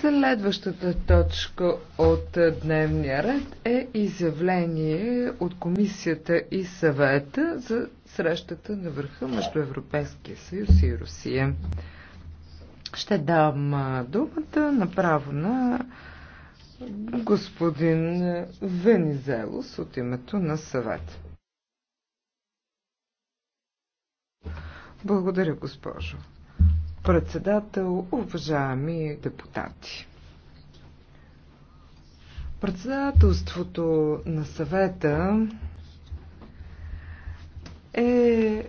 Следващата точка от дневния ред е изявление от комисията и съвета за срещата на върха между Европейския съюз и Русия. Ще дам думата направо на господин Венизелос от името на съвет. Благодаря, госпожо председател, уважаеми депутати. Председателството на съвета е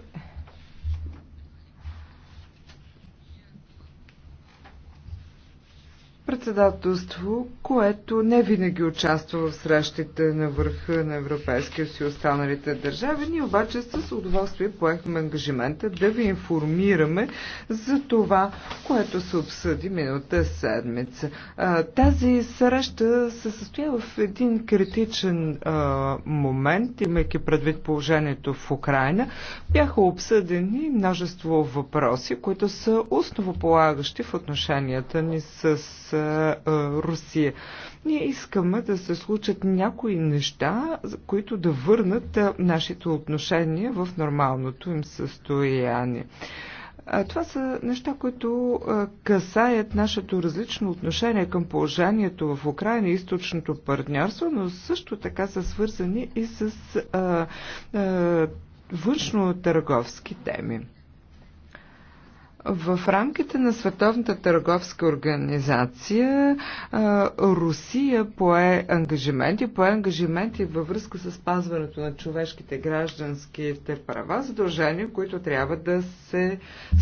председателство, което не винаги участва в срещите на върха на Европейския си останалите държави. Ние обаче с удоволствие поехме ангажимента да ви информираме за това, което се обсъди миналата седмица. Тази среща се състоя в един критичен момент, имайки предвид положението в Украина. Бяха обсъдени множество въпроси, които са основополагащи в отношенията ни с Русия. Ние искаме да се случат някои неща, които да върнат нашите отношения в нормалното им състояние. Това са неща, които касаят нашето различно отношение към положението в Украина и източното партньорство, но също така са свързани и с външно-търговски теми. В рамките на Световната търговска организация Русия пое ангажименти, пое ангажименти във връзка с пазването на човешките гражданските права, задължения, които трябва да се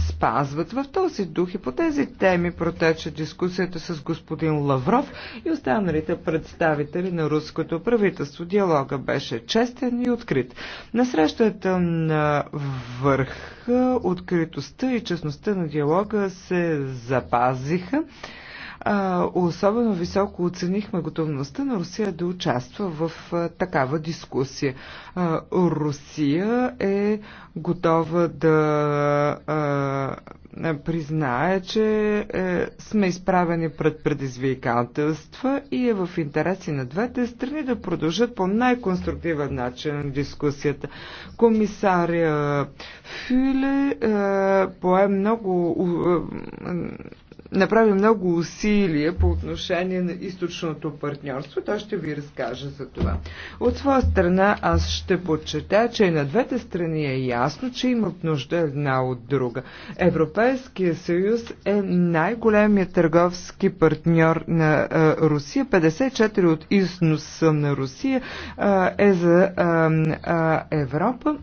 спазват. В този дух и по тези теми протече дискусията с господин Лавров и останалите представители на руското правителство. Диалога беше честен и открит. На срещата на върх откритостта и честността на диалога се запазиха. Особено високо оценихме готовността на Русия да участва в такава дискусия. Русия е готова да признае, че е, сме изправени пред предизвикателства и е в интереси на двете страни да продължат по най-конструктивен начин дискусията. Комисаря Фюле е, пое много е, направи много усилия по отношение на източното партньорство. Той ще ви разкаже за това. От своя страна аз ще подчета, че и на двете страни е ясно, че имат нужда една от друга. Европейския съюз е най-големият търговски партньор на а, Русия. 54 от износа на Русия а, е за а, а, Европа.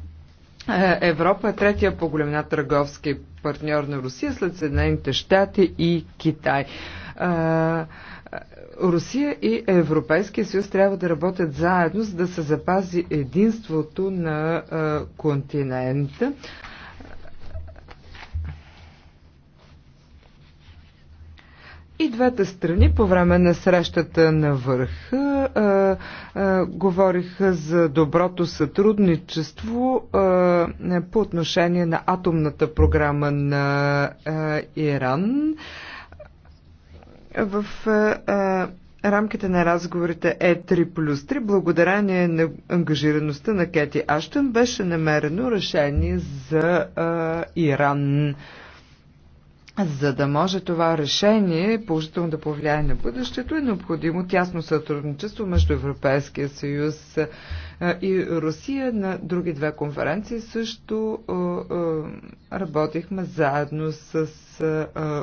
Е, Европа е третия по големина търговски партньор на Русия след Съединените щати и Китай. Е, е, Русия и Европейския съюз трябва да работят заедно, за да се запази единството на континента. И двете страни по време на срещата на върха а, а, говориха за доброто сътрудничество а, по отношение на атомната програма на а, Иран. В а, рамките на разговорите Е3 плюс 3, благодарение на ангажираността на Кети Аштън, беше намерено решение за а, Иран. За да може това решение положително да повлияе на бъдещето, е необходимо тясно сътрудничество между Европейския съюз и Русия. На други две конференции също работихме заедно с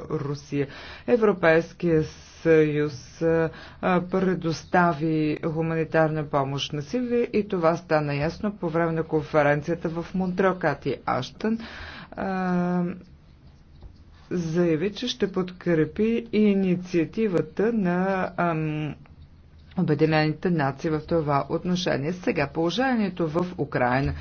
Русия. Европейския съюз предостави хуманитарна помощ на Сирия и това стана ясно по време на конференцията в Монтрокати Аштън заяви, че ще подкрепи инициативата на ам, Обединените нации в това отношение. Сега положението в Украина.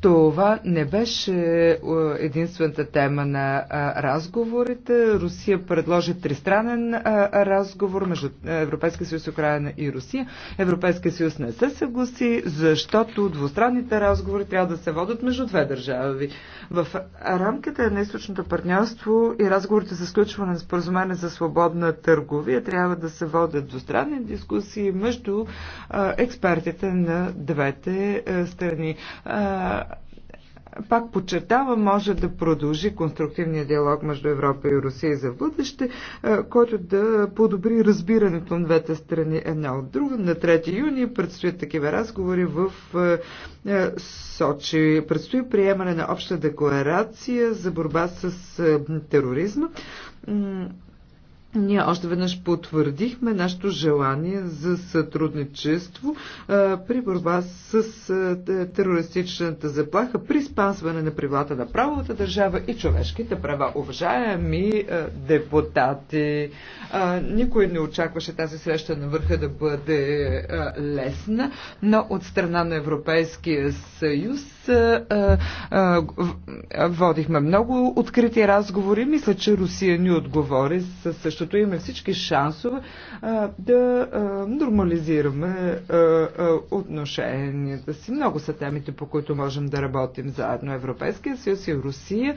Това не беше е, единствената тема на разговорите. Русия предложи тристранен разговор между е, Европейския съюз, Украина и Русия. Европейския съюз не се съгласи, защото двустранните разговори трябва да се водят между две държави. В рамките на източното партньорство и разговорите за сключване на споразумение за свободна търговия трябва да се водят двустранни дискусии между експертите на двете страни. Пак подчертава, може да продължи конструктивния диалог между Европа и Русия за бъдеще, който да подобри разбирането на двете страни една от друга. На 3 юни предстоят такива разговори в Сочи. Предстои приемане на обща декларация за борба с тероризма. Ние още веднъж потвърдихме нашето желание за сътрудничество а, при борба с а, терористичната заплаха, при спазване на правилата на правовата държава и човешките права. Уважаеми а, депутати, а, никой не очакваше тази среща на върха да бъде а, лесна, но от страна на Европейския съюз водихме много открити разговори. Мисля, че Русия ни отговори със същото. Имаме всички шансове да нормализираме отношенията си. Много са темите, по които можем да работим заедно. Европейския съюз и Русия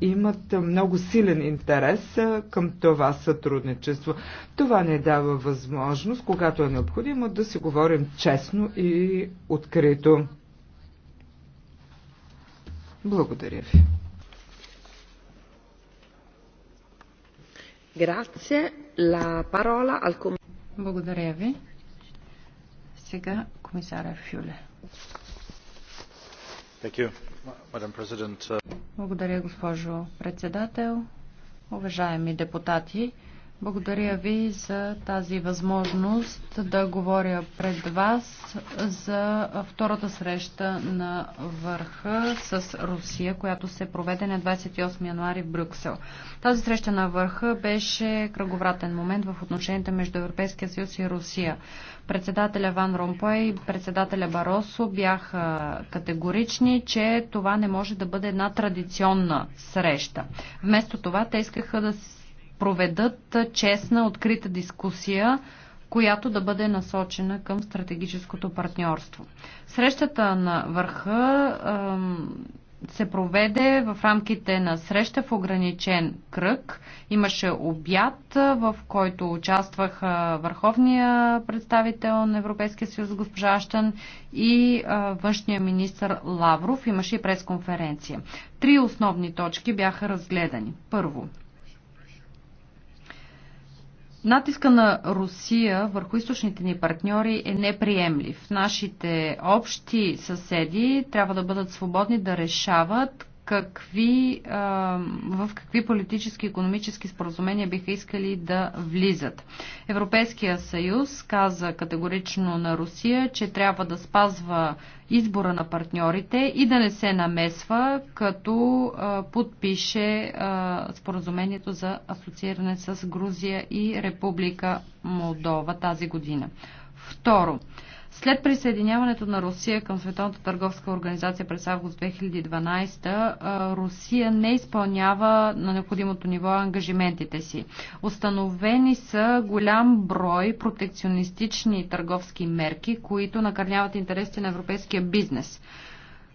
имат много силен интерес към това сътрудничество. Това не дава възможност, когато е необходимо, да си говорим честно и открито. Благодаря ви. Благодаря ви. Сега комисаря Фюле. Благодаря, госпожо председател. Уважаеми депутати, благодаря ви за тази възможност да говоря пред вас за втората среща на върха с Русия, която се проведе на 28 януари в Брюксел. Тази среща на върха беше кръговратен момент в отношенията между Европейския съюз и Русия. Председателя Ван Ромпой и председателя Баросо бяха категорични, че това не може да бъде една традиционна среща. Вместо това те искаха да се проведат честна, открита дискусия, която да бъде насочена към стратегическото партньорство. Срещата на върха се проведе в рамките на среща в ограничен кръг. Имаше обяд, в който участваха върховния представител на Европейския съюз госпожа Аштън и външния министр Лавров. Имаше и пресконференция. Три основни точки бяха разгледани. Първо, Натиска на Русия върху източните ни партньори е неприемлив. Нашите общи съседи трябва да бъдат свободни да решават какви, в какви политически и економически споразумения биха искали да влизат. Европейския съюз каза категорично на Русия, че трябва да спазва избора на партньорите и да не се намесва, като подпише споразумението за асоцииране с Грузия и Република Молдова тази година. Второ, след присъединяването на Русия към Световната търговска организация през август 2012, Русия не изпълнява на необходимото ниво ангажиментите си. Установени са голям брой протекционистични търговски мерки, които накърняват интересите на европейския бизнес.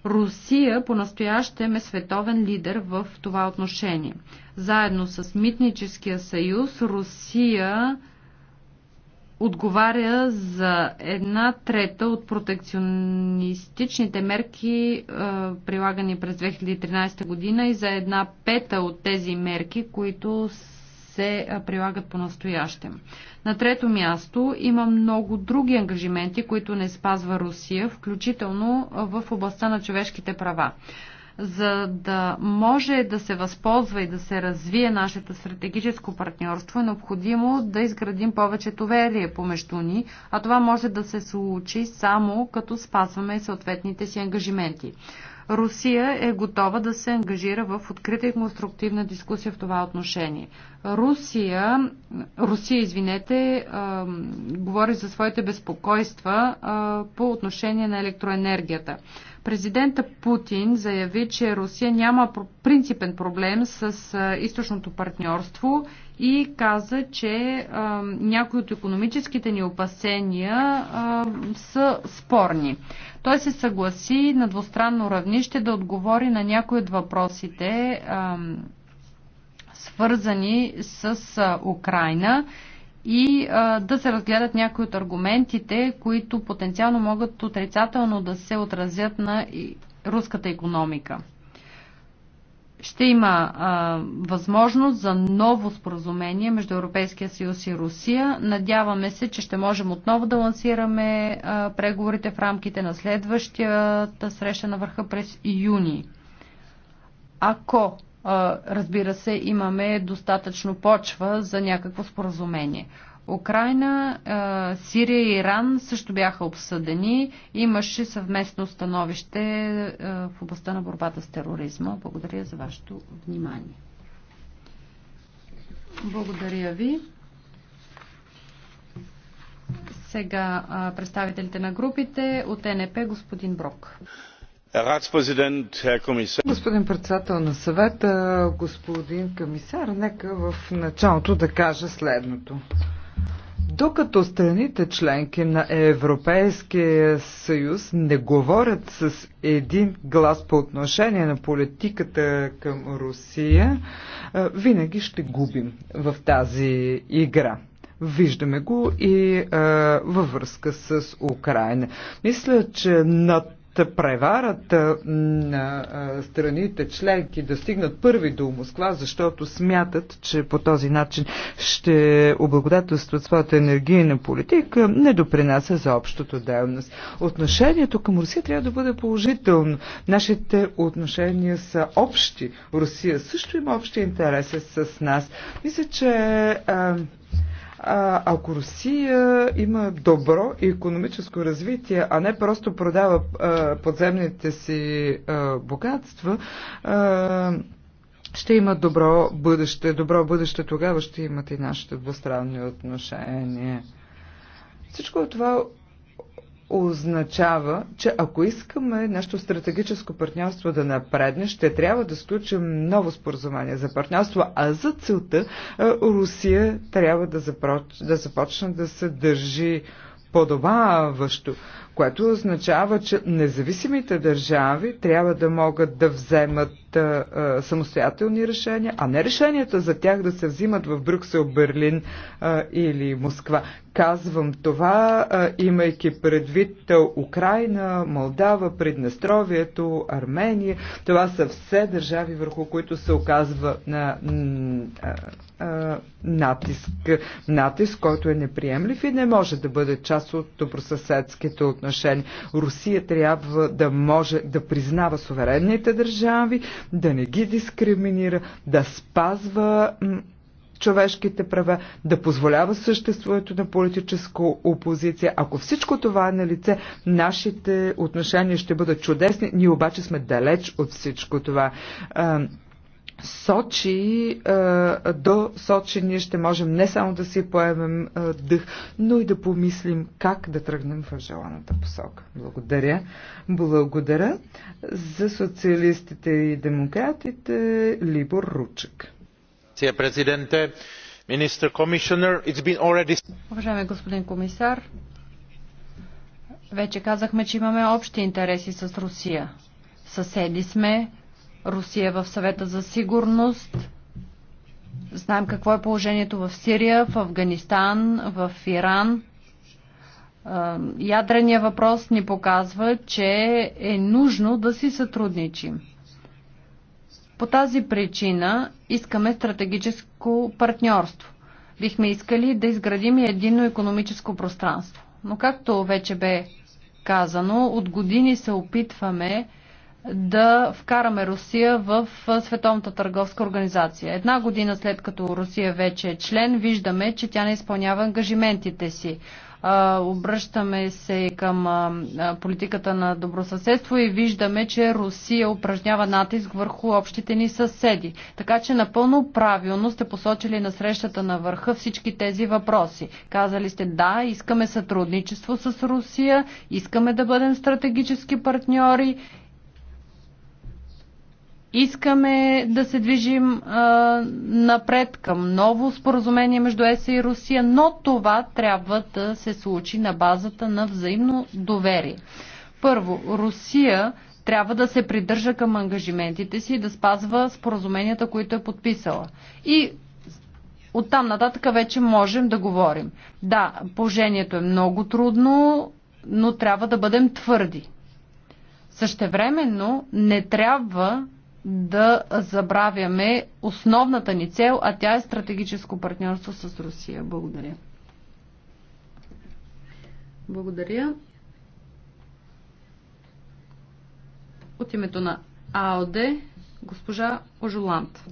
Русия по-настоящем е световен лидер в това отношение. Заедно с Митническия съюз Русия отговаря за една трета от протекционистичните мерки, е, прилагани през 2013 година и за една пета от тези мерки, които се е, прилагат по-настоящем. На трето място има много други ангажименти, които не спазва Русия, включително в областта на човешките права за да може да се възползва и да се развие нашето стратегическо партньорство, е необходимо да изградим повече доверие помежду ни, а това може да се случи само като спазваме съответните си ангажименти. Русия е готова да се ангажира в открита и конструктивна дискусия в това отношение. Русия, Русия извинете, а, говори за своите безпокойства а, по отношение на електроенергията. Президента Путин заяви, че Русия няма принципен проблем с източното партньорство и каза, че някои от економическите ни опасения са спорни. Той се съгласи на двустранно равнище да отговори на някои от въпросите, свързани с Украина и а, да се разгледат някои от аргументите, които потенциално могат отрицателно да се отразят на руската економика. Ще има а, възможност за ново споразумение между Европейския съюз и Русия. Надяваме се, че ще можем отново да лансираме а, преговорите в рамките на следващата среща на върха през юни. Ако разбира се, имаме достатъчно почва за някакво споразумение. Украина, Сирия и Иран също бяха обсъдени. Имаше съвместно становище в областта на борбата с тероризма. Благодаря за вашето внимание. Благодаря ви. Сега представителите на групите от НП господин Брок. Господин председател на съвета, господин комисар, нека в началото да кажа следното. Докато страните членки на Европейския съюз не говорят с един глас по отношение на политиката към Русия, винаги ще губим в тази игра. Виждаме го и а, във връзка с Украина. Мисля, че на преварата на страните членки да стигнат първи до Москва, защото смятат, че по този начин ще облагодателстват своята енергийна политика, не допринася за общото дейност. Отношението към Русия трябва да бъде положително. Нашите отношения са общи. Русия също има общи интереси с нас. Мисля, че а, ако Русия има добро економическо развитие, а не просто продава а, подземните си а, богатства, а, ще има добро бъдеще. Добро бъдеще тогава ще имат и нашите двустранни отношения. Всичко това означава, че ако искаме нашето стратегическо партньорство да напредне, ще трябва да сключим ново споразумение за партньорство, а за целта е, Русия трябва да, да започне да се държи подобаващо което означава, че независимите държави трябва да могат да вземат а, а, самостоятелни решения, а не решенията за тях да се взимат в Брюксел, Берлин а, или Москва. Казвам това, а, имайки предвид а, Украина, Молдава, Приднестровието, Армения. Това са все държави, върху които се оказва на, а, а, натиск. Натиск, който е неприемлив и не може да бъде част от добросъседските отношения отношение. Русия трябва да може да признава суверенните държави, да не ги дискриминира, да спазва човешките права, да позволява съществуването на политическа опозиция. Ако всичко това е на лице, нашите отношения ще бъдат чудесни. Ние обаче сме далеч от всичко това. Сочи, до Сочи ние ще можем не само да си поемем дъх, но и да помислим как да тръгнем в желаната посока. Благодаря. Благодаря за социалистите и демократите Либор Ручек. Президенте, министър, комисионер, it's been already... Уважаеми господин комисар, вече казахме, че имаме общи интереси с Русия. Съседи сме, Русия в съвета за сигурност. Знаем какво е положението в Сирия, в Афганистан, в Иран. Ядрения въпрос ни показва, че е нужно да си сътрудничим. По тази причина искаме стратегическо партньорство. Бихме искали да изградим единно економическо пространство. Но както вече бе казано, от години се опитваме да вкараме Русия в Световната търговска организация. Една година след като Русия вече е член, виждаме, че тя не изпълнява ангажиментите си. Обръщаме се към политиката на добросъседство и виждаме, че Русия упражнява натиск върху общите ни съседи. Така че напълно правилно сте посочили на срещата на върха всички тези въпроси. Казали сте да, искаме сътрудничество с Русия, искаме да бъдем стратегически партньори Искаме да се движим а, напред към ново споразумение между ЕСА и Русия, но това трябва да се случи на базата на взаимно доверие. Първо, Русия трябва да се придържа към ангажиментите си и да спазва споразуменията, които е подписала. И оттам нататък вече можем да говорим. Да, положението е много трудно, но трябва да бъдем твърди. Същевременно не трябва да забравяме основната ни цел, а тя е стратегическо партньорство с Русия. Благодаря. Благодаря. От името на АОД, госпожа Ожоланд.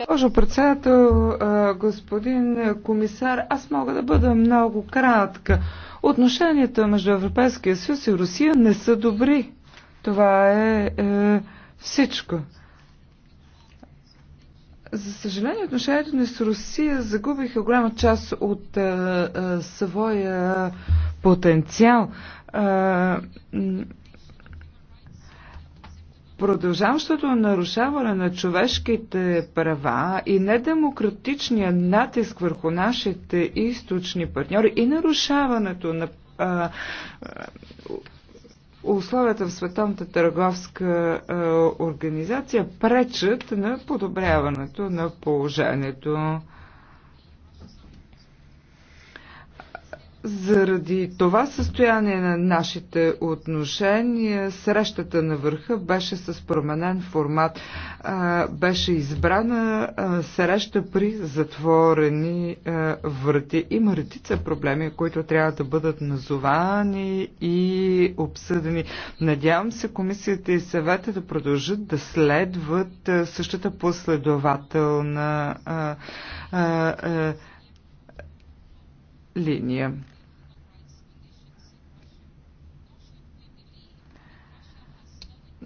Госпожо председател, господин комисар, аз мога да бъда много кратка. Отношенията между Европейския съюз и Русия не са добри. Това е, е всичко. За съжаление, отношението ни с Русия загубиха голяма част от е, е, своя потенциал. Е, Продължаващото нарушаване на човешките права и недемократичния натиск върху нашите източни партньори и нарушаването на а, е, е, условията в Световната търговска е, организация пречат на подобряването на положението. Заради това състояние на нашите отношения, срещата на върха беше с променен формат. Беше избрана среща при затворени врати. Има редица проблеми, които трябва да бъдат назовани и обсъдени. Надявам се комисията и съвета да продължат да следват същата последователна линия.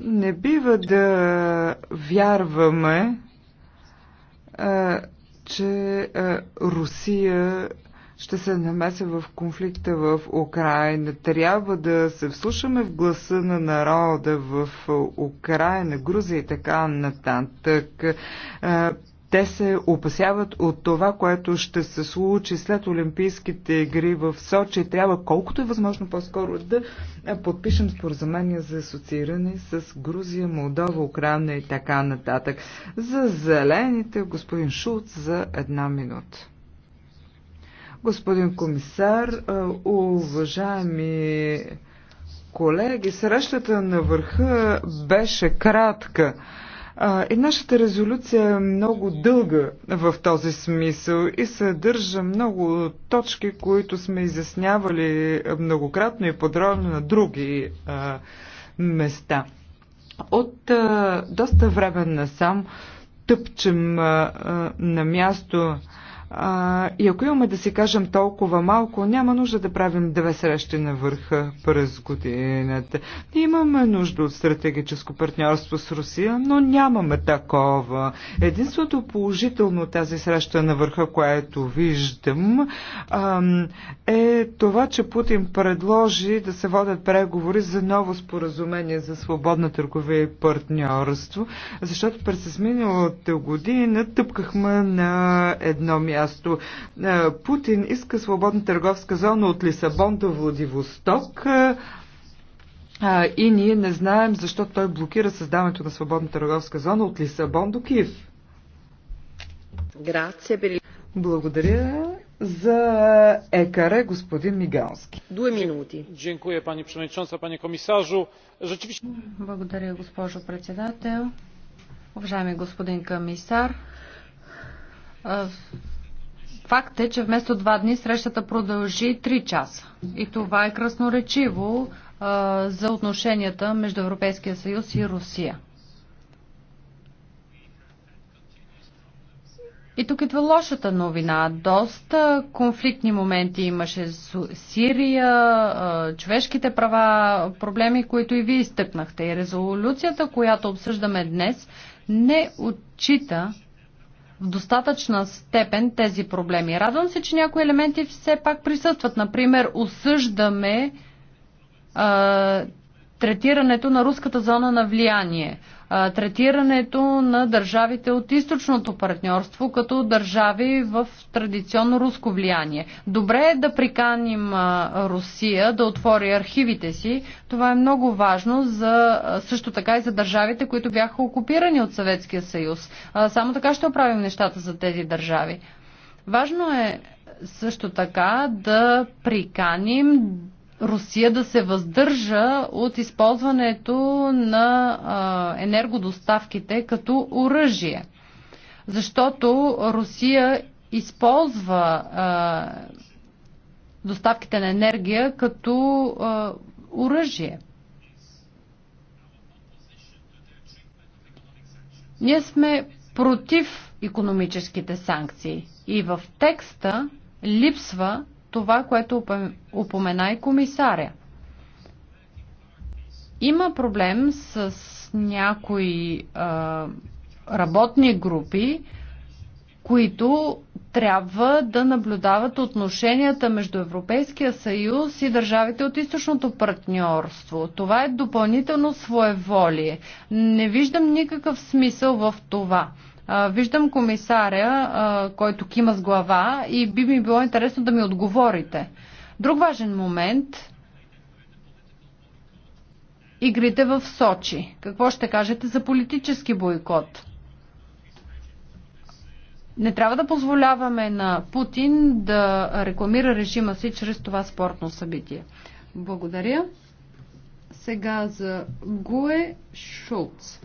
Не бива да вярваме, че Русия ще се намеса в конфликта в Украина. Трябва да се вслушаме в гласа на народа в Украина, Грузия и така нататък. Те се опасяват от това, което ще се случи след Олимпийските игри в Сочи. Трябва колкото е възможно по-скоро да подпишем споразумение за асоцииране с Грузия, Молдова, Украина и така нататък. За зелените, господин Шулц, за една минута. Господин комисар, уважаеми колеги, срещата на върха беше кратка. И нашата резолюция е много дълга в този смисъл и съдържа много точки, които сме изяснявали многократно и подробно на други а, места. От а, доста време насам тъпчем а, на място а, и ако имаме да си кажем толкова малко, няма нужда да правим две срещи на върха през годината. Имаме нужда от стратегическо партньорство с Русия, но нямаме такова. Единството положително тази среща на върха, което виждам, е това, че Путин предложи да се водят преговори за ново споразумение за свободна търговия и партньорство, защото през изминалата година тъпкахме на едно място място. Путин иска свободна търговска зона от Лисабон до Владивосток и ние не знаем защо той блокира създаването на свободна търговска зона от Лисабон до Киев. Благодаря за екаре господин Мигалски. Две минути. Дякую, пани председател, пани комисажу. Благодаря, госпожо председател. Уважаеми господин комисар, Факт е, че вместо два дни срещата продължи 3 часа. И това е красноречиво а, за отношенията между Европейския съюз и Русия. И тук идва лошата новина. Доста конфликтни моменти имаше с Сирия, човешките права, проблеми, които и вие изтъкнахте. И резолюцията, която обсъждаме днес, не отчита в достатъчна степен тези проблеми. Радвам се, че някои елементи все пак присъстват. Например, осъждаме а, третирането на руската зона на влияние третирането на държавите от източното партньорство като държави в традиционно руско влияние. Добре е да приканим Русия да отвори архивите си. Това е много важно за, също така и за държавите, които бяха окупирани от Съветския съюз. Само така ще оправим нещата за тези държави. Важно е също така да приканим Русия да се въздържа от използването на енергодоставките като оръжие. Защото Русия използва доставките на енергия като оръжие. Ние сме против економическите санкции и в текста липсва това, което упомена и комисаря. Има проблем с някои а, работни групи, които трябва да наблюдават отношенията между Европейския съюз и държавите от източното партньорство. Това е допълнително своеволие. Не виждам никакъв смисъл в това. Виждам комисаря, който кима с глава и би ми било интересно да ми отговорите. Друг важен момент игрите в Сочи. Какво ще кажете за политически бойкот? Не трябва да позволяваме на Путин да рекламира режима си чрез това спортно събитие. Благодаря. Сега за Гуе Шулц.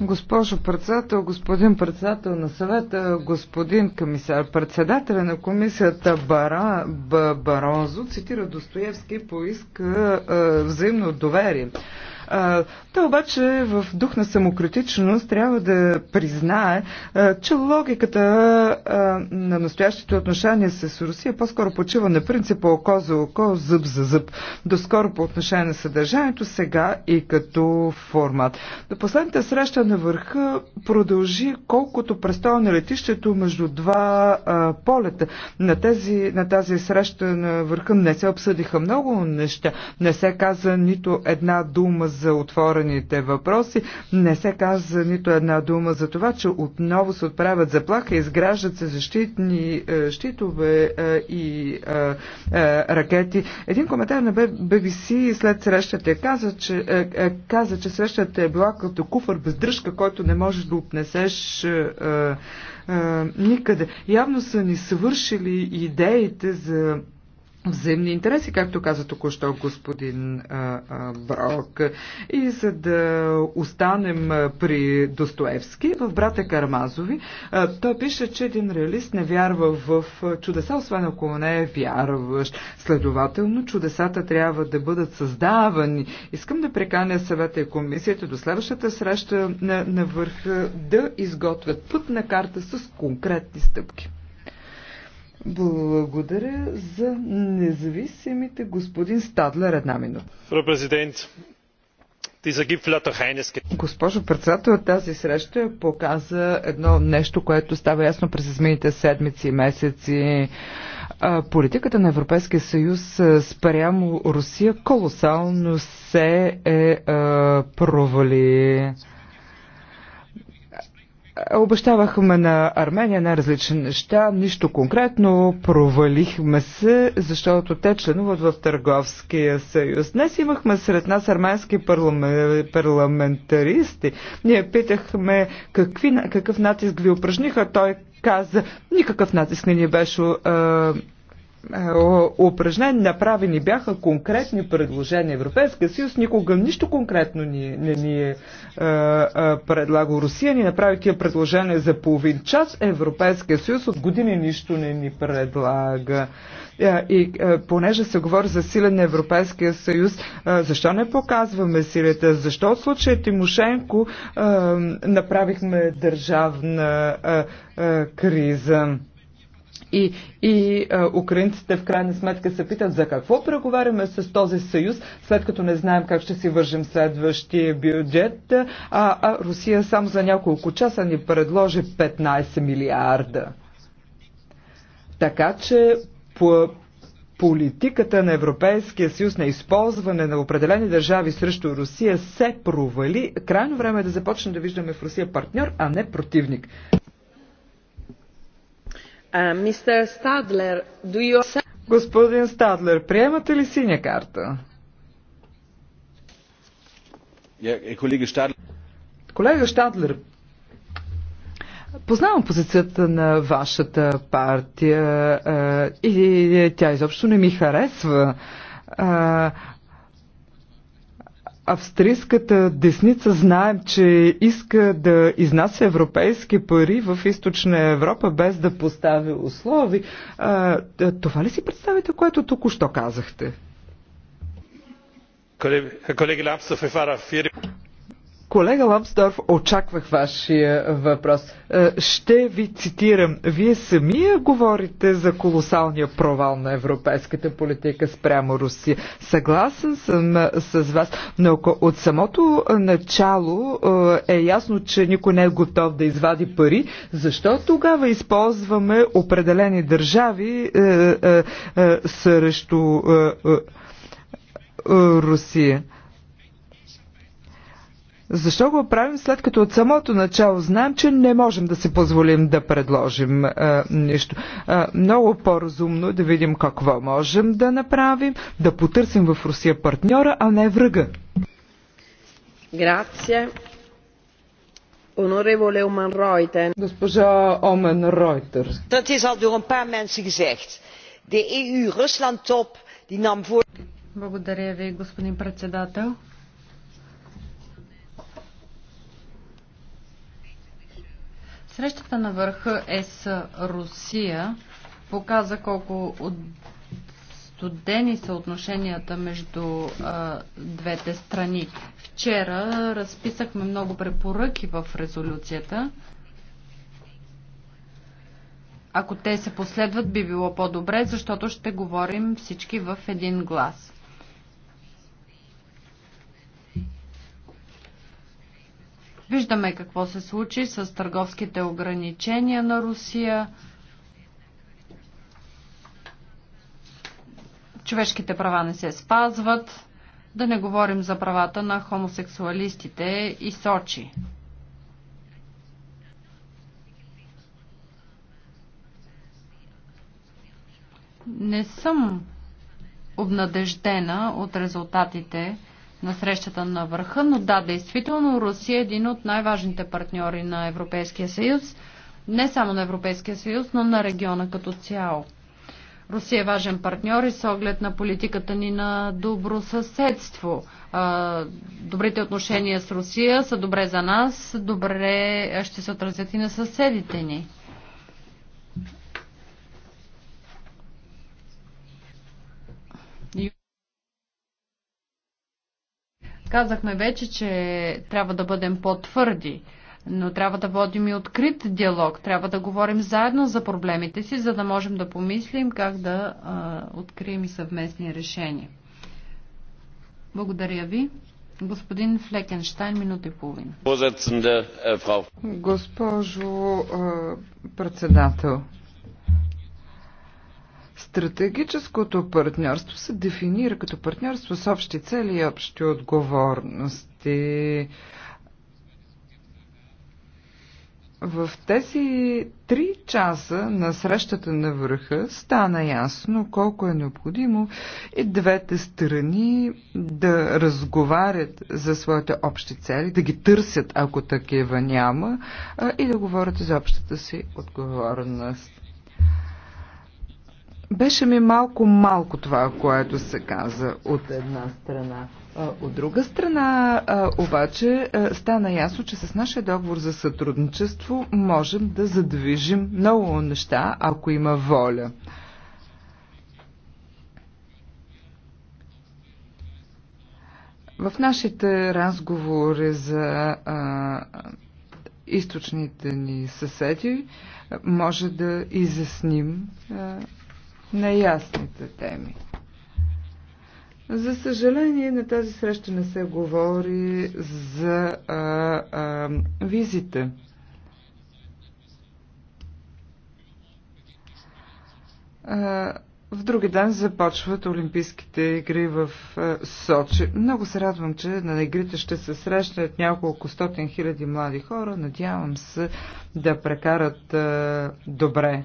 Госпожо председател, господин председател на съвета, господин комисар, председателя на комисията Бара, Барозо цитира Достоевски и поиска е, взаимно доверие то обаче в дух на самокритичност трябва да признае, че логиката на настоящите отношения с Русия по-скоро почива на принципа око за око, зъб за зъб. Доскоро по отношение на съдържанието, сега и като формат. До последната среща на върха продължи колкото престоя на летището между два а, полета. На, тези, на тази среща на върха не се обсъдиха много неща. Не се каза нито една дума за отворените въпроси. Не се каза нито една дума за това, че отново се отправят заплаха, изграждат се защитни е, щитове е, и е, ракети. Един коментар на BBC след срещата каза, че, каза, че срещата е била като куфър без дръжка, който не можеш да отнесеш никъде. Явно са ни свършили идеите за взаимни интереси, както каза току-що господин а, а, Брок. И за да останем при Достоевски, в брата Кармазови, а, той пише, че един реалист не вярва в чудеса, освен ако не е вярващ. Следователно, чудесата трябва да бъдат създавани. Искам да приканя съвета и комисията до следващата среща на, на върха да изготвят пътна карта с конкретни стъпки. Благодаря за независимите господин Стадлер една минута. президент, Госпожо председател, тази среща показа едно нещо, което става ясно през измините седмици и месеци. Политиката на Европейския съюз спрямо Русия колосално се е провали. Обещавахме на Армения най-различни неща, нищо конкретно, провалихме се, защото те членуват в Търговския съюз. Днес имахме сред нас арменски парламентаристи. Ние питахме какви, какъв натиск ви упражниха, той каза, никакъв натиск не ни беше а, е, е, упражнени, направени бяха конкретни предложения. Европейския съюз никога нищо конкретно ни, не ни е, е предлагал. Русия ни направи тия предложения за половин час. Европейския съюз от години нищо не ни предлага. И понеже се говори за силен на Европейския съюз, защо не показваме силите? Защо в случая Тимошенко направихме държавна криза? И, и а, украинците в крайна сметка се питат за какво преговаряме с този съюз, след като не знаем как ще си вържим следващия бюджет, а, а Русия само за няколко часа ни предложи 15 милиарда. Така че по политиката на Европейския съюз на използване на определени държави срещу Русия се провали. Крайно време е да започнем да виждаме в Русия партньор, а не противник. Господин Стадлер, приемате ли синя карта? Eh, Колега Штадлер, Познавам позицията на вашата партия и тя изобщо не ми харесва австрийската десница знаем, че иска да изнася европейски пари в източна Европа без да постави услови. А, това ли си представите, което току-що казахте? Колеги Лапсов е фара Колега Ламсдорф, очаквах вашия въпрос. Е, ще ви цитирам. Вие самия говорите за колосалния провал на европейската политика спрямо Русия. Съгласен съм е, с вас, но от самото е, начало е ясно, че никой не е готов да извади пари. Защо тогава използваме определени държави срещу Русия? Защо го правим след като от самото начало знаем, че не можем да си позволим да предложим а, нещо? А, много по-разумно е да видим какво можем да направим, да потърсим в Русия партньора, а не врага. Грация. Onorevole Oman Госпожа Омен Ройтер. Dat is al door een paar mensen gezegd. De EU-Rusland-top die nam voor... Благодаря ви, господин председател. Срещата на върха С Русия показа колко от студени са отношенията между а, двете страни. Вчера разписахме много препоръки в резолюцията. Ако те се последват, би било по-добре, защото ще говорим всички в един глас. Виждаме какво се случи с търговските ограничения на Русия. Човешките права не се спазват. Да не говорим за правата на хомосексуалистите и Сочи. Не съм обнадеждена от резултатите на срещата на върха, но да, действително Русия е един от най-важните партньори на Европейския съюз, не само на Европейския съюз, но на региона като цяло. Русия е важен партньор и с оглед на политиката ни на добро съседство. Добрите отношения с Русия са добре за нас, добре ще се отразят и на съседите ни. Казахме вече, че трябва да бъдем по-твърди, но трябва да водим и открит диалог. Трябва да говорим заедно за проблемите си, за да можем да помислим как да а, открием и съвместни решения. Благодаря ви. Господин Флекенштайн, минута и половина. Eh, Госпожо председател, Стратегическото партньорство се дефинира като партньорство с общи цели и общи отговорности. В тези три часа на срещата на върха стана ясно колко е необходимо и двете страни да разговарят за своите общи цели, да ги търсят, ако такива няма, и да говорят за общата си отговорност. Беше ми малко малко това, което се каза от една страна. От друга страна, обаче, стана ясно, че с нашия договор за сътрудничество можем да задвижим много неща, ако има воля. В нашите разговори за а, източните ни съседи може да изясним а, неясните теми. За съжаление, на тази среща не се говори за а, а, визите. в други ден започват Олимпийските игри в Сочи. Много се радвам, че на игрите ще се срещнат няколко стотин хиляди млади хора. Надявам се да прекарат добре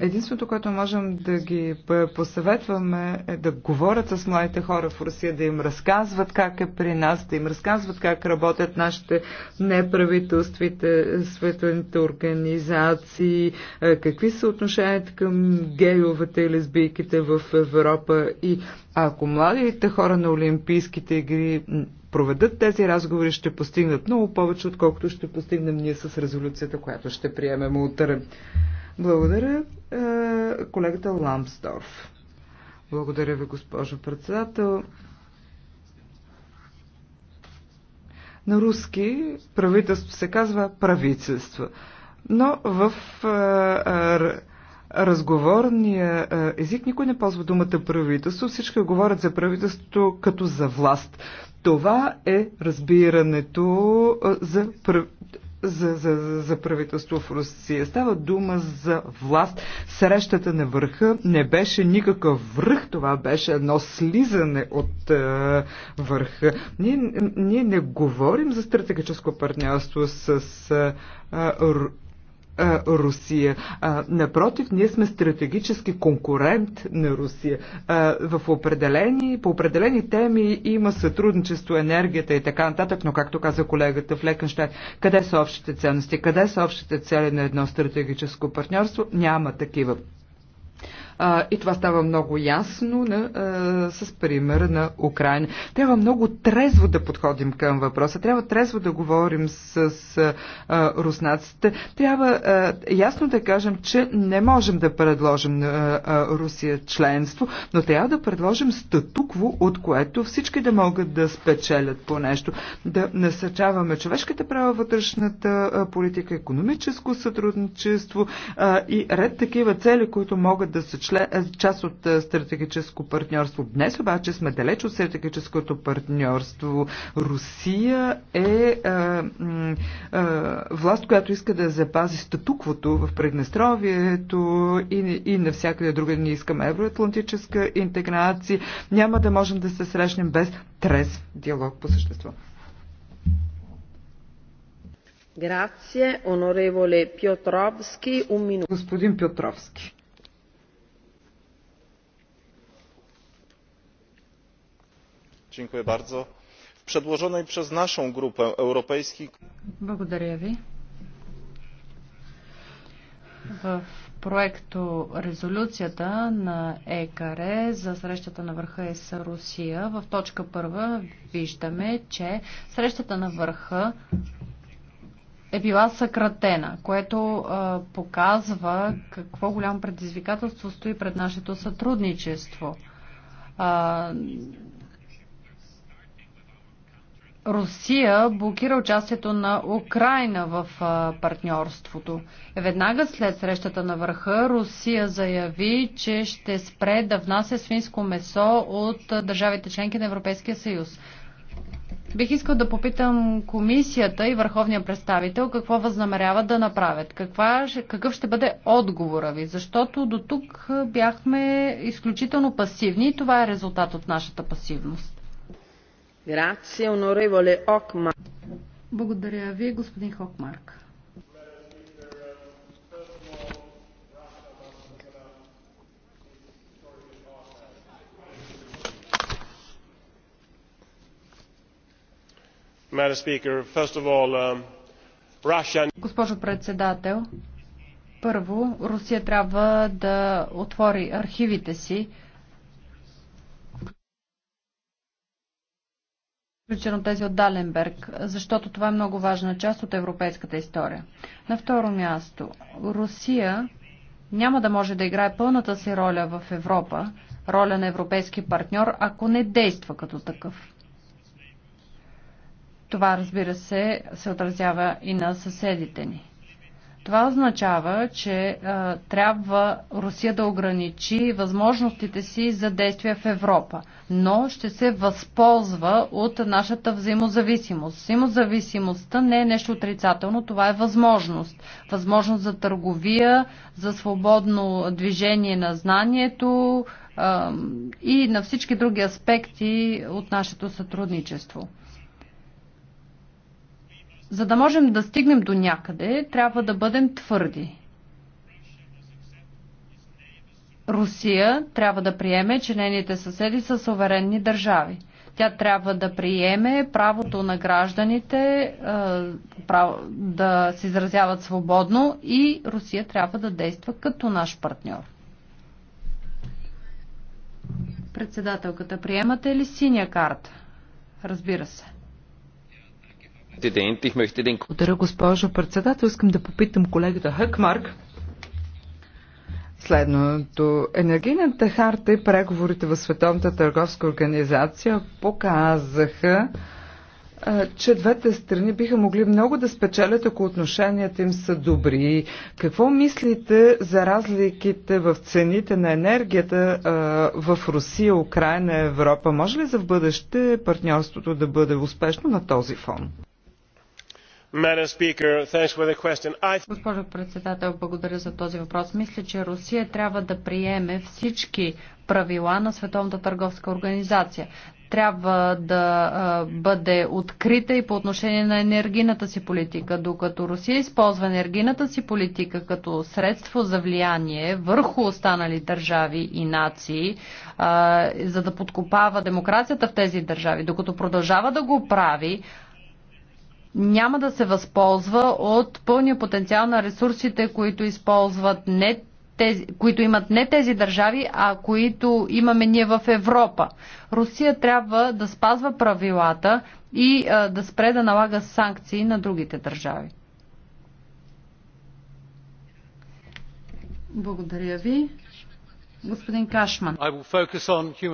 единственото, което можем да ги посъветваме е да говорят с младите хора в Русия, да им разказват как е при нас, да им разказват как работят нашите неправителствите, светлените организации, какви са отношенията към гейовете и лесбийките в Европа. И ако младите хора на Олимпийските игри проведат тези разговори, ще постигнат много повече, отколкото ще постигнем ние с резолюцията, която ще приемем утре. Благодаря е, колегата Ламсдорф. Благодаря ви, госпожо председател. На руски правителство се казва правителство. Но в е, е, разговорния е, език никой не ползва думата правителство, всички говорят за правителството като за власт. Това е разбирането е, за, за, за, за правителство в Русия. Става дума за власт. Срещата на върха не беше никакъв връх, това беше едно слизане от е, върха. Ние, ние не говорим за стратегическо партньорство с е, е е, Русия. А, напротив, ние сме стратегически конкурент на Русия. А, в определени, по определени теми има сътрудничество, енергията и така нататък, но както каза колегата в Лекенштайн, къде са общите ценности, къде са общите цели на едно стратегическо партньорство? Няма такива. А, и това става много ясно на, а, с пример на Украина. Трябва много трезво да подходим към въпроса. Трябва трезво да говорим с а, руснаците. Трябва а, ясно да кажем, че не можем да предложим на Русия членство, но трябва да предложим статукво, от което всички да могат да спечелят по нещо. Да насърчаваме човешките права, вътрешната политика, економическо сътрудничество а, и ред такива цели, които могат да се част от е, стратегическо партньорство. Днес обаче сме далеч от стратегическото партньорство. Русия е а, е, а, е, власт, която иска да запази статуквото в Преднестровието и, и навсякъде друга. ни искаме евроатлантическа интеграция. Няма да можем да се срещнем без трез диалог по същество. Grazie, onorevole Piotrowski, un minuto. Господин Петровски. w przedłożonej przez naszą grupę europejskiej. Благодаря ви. В проекто резолюцията на ЕКАРЕ за срещата на върха е с Русия, в точка първа виждаме, че срещата на върха е била съкратена, което а, показва какво голямо предизвикателство стои пред нашето сътрудничество. А, Русия блокира участието на Украина в партньорството. Е, веднага след срещата на върха Русия заяви, че ще спре да внася свинско месо от държавите членки на Европейския съюз. Бих искал да попитам комисията и върховния представител какво възнамеряват да направят. Каква, какъв ще бъде отговора ви? Защото до тук бяхме изключително пасивни и това е резултат от нашата пасивност. Благодаря ви, господин Хокмарк. Um, Госпожо председател, първо Русия трябва да отвори архивите си, включено тези от Даленберг, защото това е много важна част от европейската история. На второ място, Русия няма да може да играе пълната си роля в Европа, роля на европейски партньор, ако не действа като такъв. Това, разбира се, се отразява и на съседите ни. Това означава, че а, трябва Русия да ограничи възможностите си за действия в Европа, но ще се възползва от нашата взаимозависимост. Взаимозависимостта не е нещо отрицателно, това е възможност. Възможност за търговия, за свободно движение на знанието а, и на всички други аспекти от нашето сътрудничество. За да можем да стигнем до някъде, трябва да бъдем твърди. Русия трябва да приеме, че нейните съседи са суверенни държави. Тя трябва да приеме правото на гражданите да се изразяват свободно и Русия трябва да действа като наш партньор. Председателката, приемате ли синя карта? Разбира се. Благодаря, госпожо председател. Искам да попитам колегата Хъкмарк. Следното. Енергийната харта и преговорите в Световната търговска организация показаха, че двете страни биха могли много да спечелят, ако отношенията им са добри. Какво мислите за разликите в цените на енергията в Русия, Украина, Европа? Може ли за в бъдеще партньорството да бъде успешно на този фон? Госпожо председател, благодаря за този въпрос. Мисля, че Русия трябва да приеме всички правила на Световната търговска организация трябва да бъде открита и по отношение на енергийната си политика. Докато Русия използва енергийната си политика като средство за влияние върху останали държави и нации, за да подкопава демокрацията в тези държави, докато продължава да го прави, няма да се възползва от пълния потенциал на ресурсите, които използват не тези, които имат не тези държави, а които имаме ние в Европа. Русия трябва да спазва правилата и а, да спре да налага санкции на другите държави. Благодаря ви. Господин Кашман.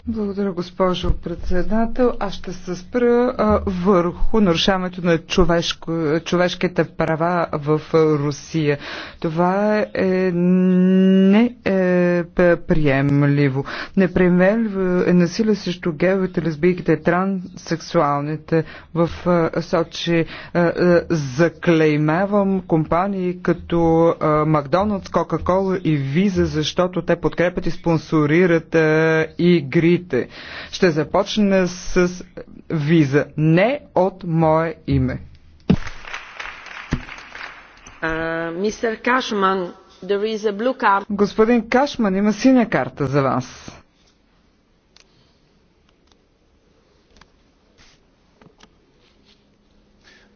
Благодаря, госпожо председател. Аз ще се спра върху нарушаването на човешко, човешките права в Русия. Това е не е приемливо. Неприемливо е насилие срещу геовете, лесбийките, транссексуалните в Сочи. заклеймявам компании като Макдоналдс, Кока-Кола и Виза, защото те подкрепят и спонсорират а, игрите. Ще започна с виза. Не от мое име. Мистер Кашман, there is a blue card. Господин Кашман, има синя карта за вас.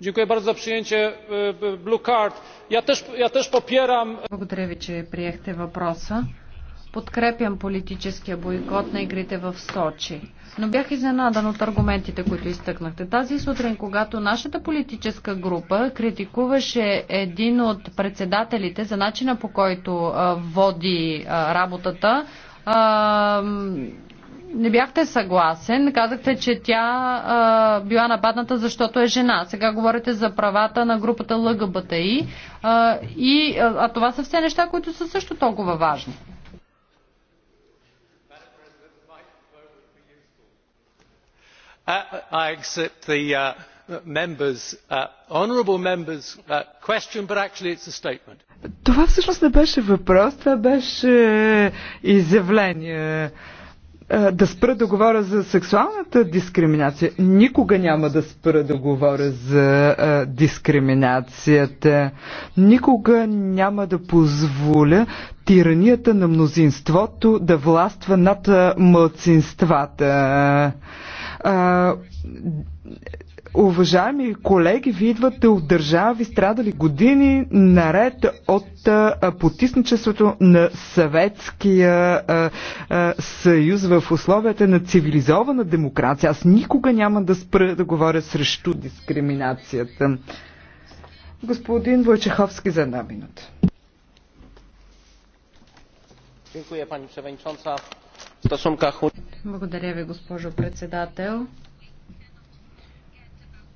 Дякую много за przyjęcie e, e, blue card. я też попирам. благодаря ви че приехте въпроса. Подкрепям политическия бойкот на игрите в Сочи. Но бях изненадан от аргументите, които изтъкнахте. Тази сутрин, когато нашата политическа група критикуваше един от председателите за начина по който а, води а, работата, а, не бяхте съгласен. Казахте, че тя а, била нападната, защото е жена. Сега говорите за правата на групата ЛГБТИ. А, и, а, а това са все неща, които са също толкова важни. Uh, i accept the honourable uh, member's uh, question but actually it is a statement. Това всъщност не беше въпрос, това беше е, изявление. Е, да спра да говоря за сексуалната дискриминация. Никога няма да спра да говоря за а, е, дискриминацията. Никога няма да позволя тиранията на мнозинството да властва над мълцинствата. А, уважаеми колеги, ви идвате от държави, страдали години наред от потисничеството на Съветския а, а, съюз в условията на цивилизована демокрация. Аз никога няма да спра да говоря срещу дискриминацията. Господин Войчеховски за една минута. Dziękuję Pani Przewodnicząca. Благодаря ви, госпожо председател.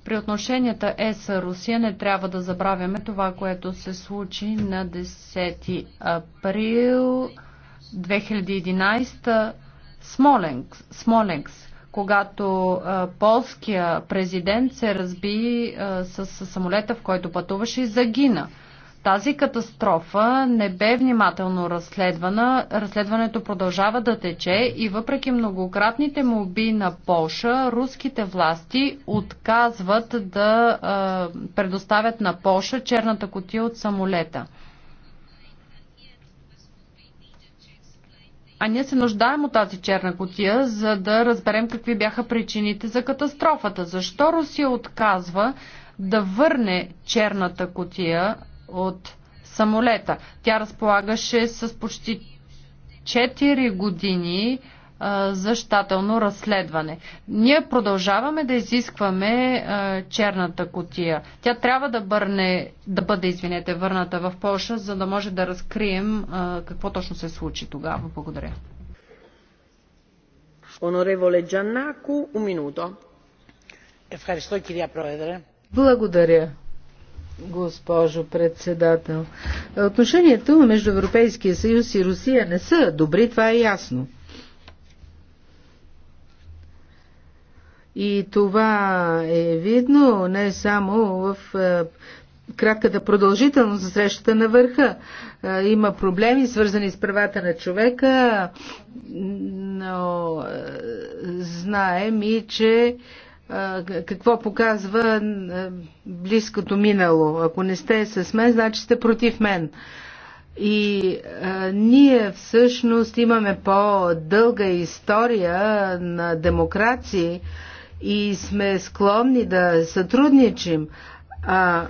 При отношенията ЕС-Русия не трябва да забравяме това, което се случи на 10 април 2011 Смоленкс, Смоленкс когато а, полския президент се разби а, с, с самолета, в който пътуваше и загина. Тази катастрофа не бе внимателно разследвана. Разследването продължава да тече и въпреки многократните молби на Полша, руските власти отказват да е, предоставят на Полша черната котия от самолета. А ние се нуждаем от тази черна котия, за да разберем какви бяха причините за катастрофата. Защо Русия отказва да върне черната котия от самолета. Тя разполагаше с почти 4 години за щателно разследване. Ние продължаваме да изискваме а, черната котия. Тя трябва да, бърне, да бъде, извинете, върната в Польша, за да може да разкрием а, какво точно се случи тогава. Благодаря. Онореволе Джаннаку, у минуто. Благодаря, госпожо председател. Отношението между Европейския съюз и Русия не са добри, това е ясно. И това е видно не само в е, кратката продължителност за срещата на върха. Е, има проблеми, свързани с правата на човека, но е, знаем и, че какво показва близкото минало. Ако не сте с мен, значи сте против мен. И а, ние всъщност имаме по-дълга история на демокрации и сме склонни да сътрудничим. А,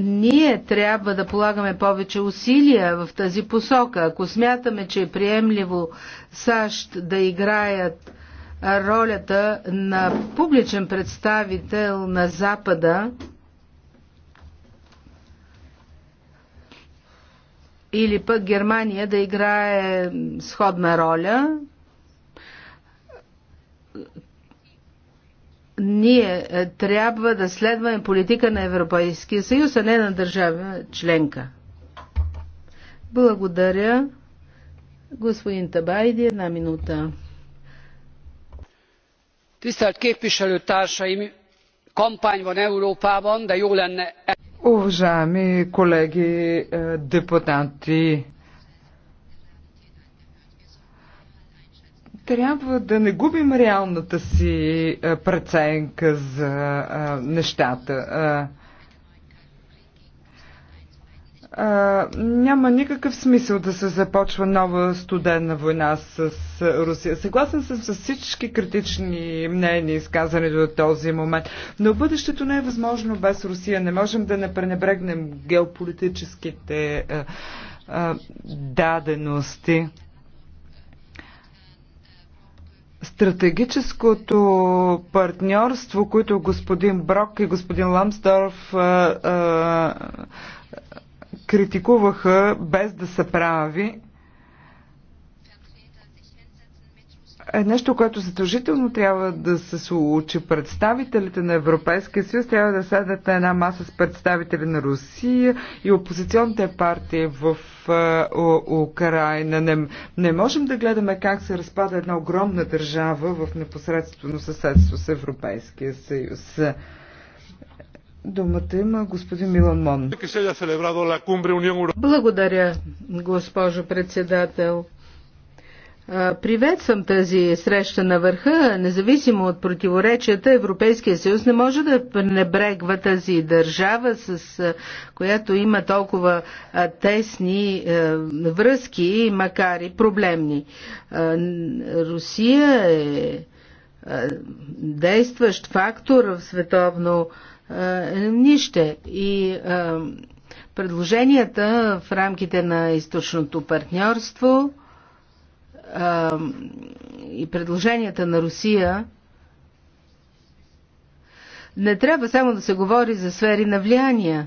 ние трябва да полагаме повече усилия в тази посока. Ако смятаме, че е приемливо САЩ да играят ролята на публичен представител на Запада или пък Германия да играе сходна роля. Ние е, трябва да следваме политика на Европейския съюз, а не на държава членка. Благодаря. Господин Табайди, една минута tisztelt képviselőtársaim! kampány van európában de jó lenne. E- уважаеми колеги е, депутати трябва да не губим реалната си е, преценка за е, нещата. А, няма никакъв смисъл да се започва нова студена война с Русия. Съгласен съм с всички критични мнения, изказани до този момент, но бъдещето не е възможно без Русия. Не можем да не пренебрегнем геополитическите а, а, дадености. Стратегическото партньорство, което господин Брок и господин Ламсдорф а, а, критикуваха без да се прави е нещо, което задължително трябва да се случи. Представителите на Европейския съюз трябва да седат на една маса с представители на Русия и опозиционните партии в е, Украина. Не, не можем да гледаме как се разпада една огромна държава в непосредствено съседство с Европейския съюз. Думата има господин Милан Мон. Благодаря, госпожо председател. Приветствам тази среща на върха. Независимо от противоречията, Европейския съюз не може да пренебрегва тази държава, с която има толкова тесни връзки, макар и проблемни. Русия е действащ фактор в световно е, нище. И е, предложенията в рамките на източното партньорство е, и предложенията на Русия не трябва само да се говори за сфери на влияние.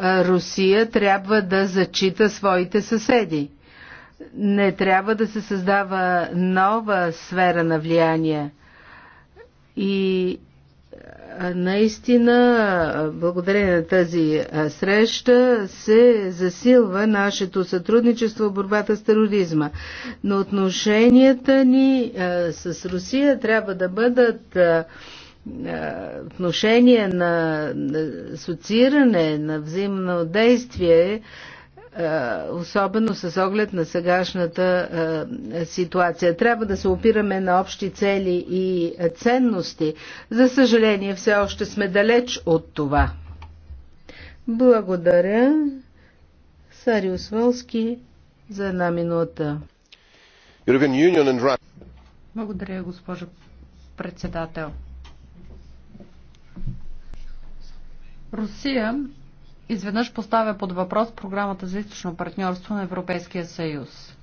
Русия трябва да зачита своите съседи. Не трябва да се създава нова сфера на влияние. И Наистина, благодарение на тази среща се засилва нашето сътрудничество в борбата с тероризма. Но отношенията ни с Русия трябва да бъдат отношения на асоцииране, на взаимно действие, е, особено с оглед на сегашната е, ситуация. Трябва да се опираме на общи цели и ценности. За съжаление, все още сме далеч от това. Благодаря. Сариус Волски за една минута. Благодаря, госпожо председател. Русия изведнъж поставя под въпрос програмата за източно партньорство на Европейския съюз.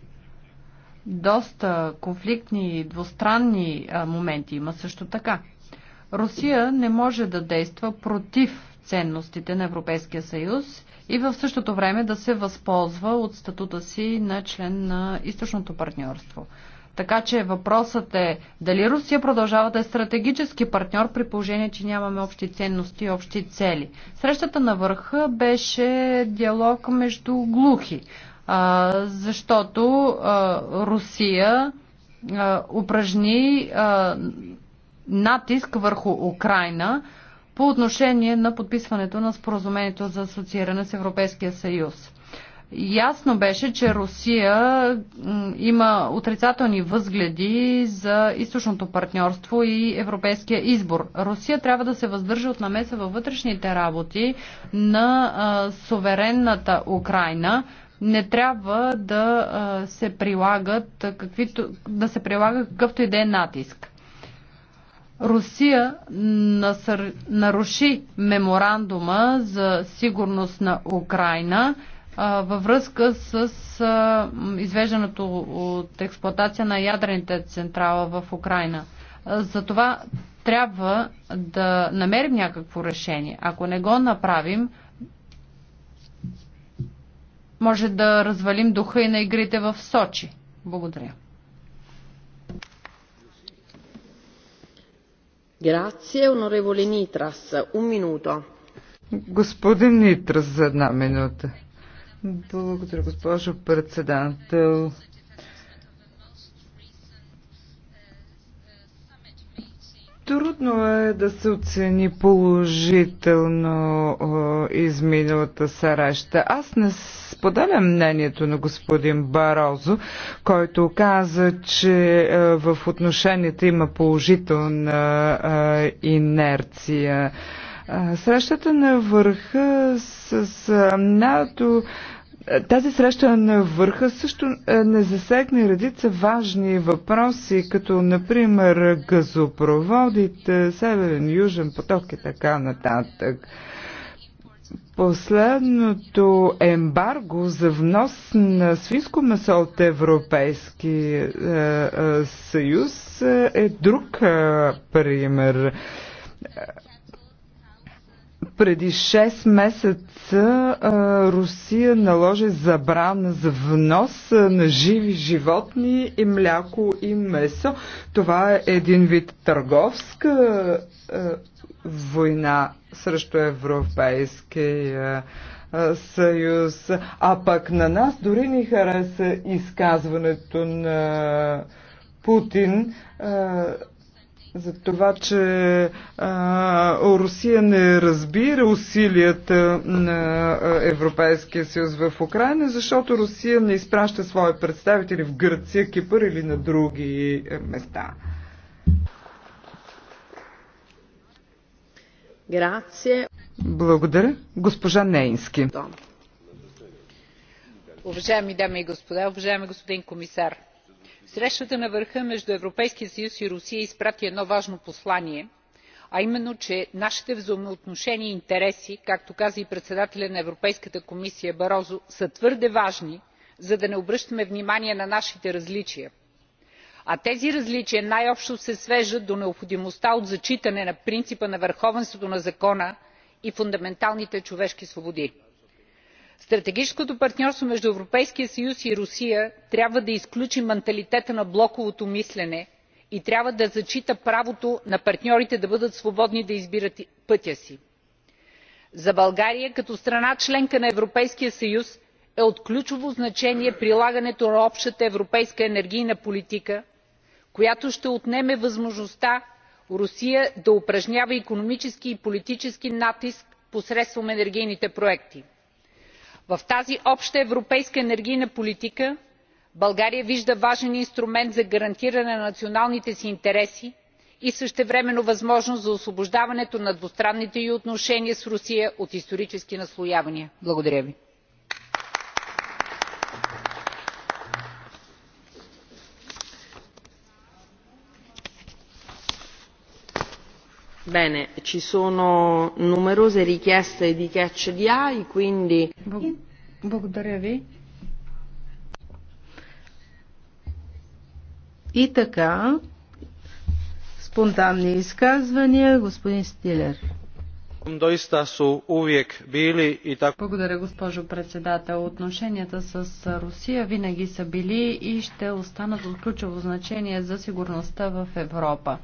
Доста конфликтни и двустранни моменти има също така. Русия не може да действа против ценностите на Европейския съюз и в същото време да се възползва от статута си на член на източното партньорство. Така че въпросът е дали Русия продължава да е стратегически партньор при положение, че нямаме общи ценности и общи цели. Срещата на върха беше диалог между глухи, защото Русия упражни натиск върху Украина по отношение на подписването на споразумението за асоцииране с Европейския съюз. Ясно беше, че Русия има отрицателни възгледи за източното партньорство и европейския избор. Русия трябва да се въздържа от намеса във вътрешните работи на суверенната Украина, не трябва да се прилагат каквито, да се прилага какъвто и да е натиск. Русия насър... наруши меморандума за сигурност на Украина във връзка с извеждането от експлоатация на ядрените централа в Украина. За това трябва да намерим някакво решение. Ако не го направим, може да развалим духа и на игрите в Сочи. Благодаря. Грация, онореволи Нитрас. Un минуто. Господин Нитрас за една минута. Благодаря, госпожо председател. Трудно е да се оцени положително изминалата среща. Аз не споделям мнението на господин Барозо, който каза, че е, в отношенията има положителна е, инерция. Срещата на върха с НАТО тази среща на върха също не засегне редица важни въпроси, като например газопроводите, Северен, Южен поток и така нататък. Последното ембарго за внос на свинско месо от Европейски е, е, съюз е, е друг пример преди 6 месеца Русия наложи забрана за внос на живи животни и мляко и месо. Това е един вид търговска война срещу Европейския съюз. А пък на нас дори ни хареса изказването на Путин за това, че а, Русия не разбира усилията на Европейския съюз в Украина, защото Русия не изпраща свои представители в Гърция, Кипър или на други е, места. Грация. Благодаря. Госпожа Нейнски. Уважаеми дами и господа, уважаеми господин комисар! срещата на върха между европейския съюз и русия изпрати едно важно послание а именно че нашите взаимоотношения и интереси както каза и председателят на европейската комисия барозу са твърде важни за да не обръщаме внимание на нашите различия а тези различия най общо се свеждат до необходимостта от зачитане на принципа на върховенството на закона и фундаменталните човешки свободи стратегическото партньорство между европейския съюз и русия трябва да изключи манталитета на блоковото мислене и трябва да зачита правото на партньорите да бъдат свободни да избират пътя си. за българя като страна членка на европейския съюз е от ключово значение прилагането на общата европейска енергийна политика която ще отнеме възможността русия да упражнява икономически и политически натиск посредством енергийните проекти в тази обща европейска енергийна политика българия вижда важен инструмент за гарантиране на националните си интереси и същевременно възможност за освобождаването на двустранните й отношения с русия от исторически наслоявания. благодаря ви. Bene, ci sono numerose richieste di catch di AI, quindi... Благодаря ви. И така, спонтанни изказвания, господин Стилер. Благодаря, госпожо председател. Отношенията с Русия винаги са били и ще останат от ключово значение за сигурността в Европа.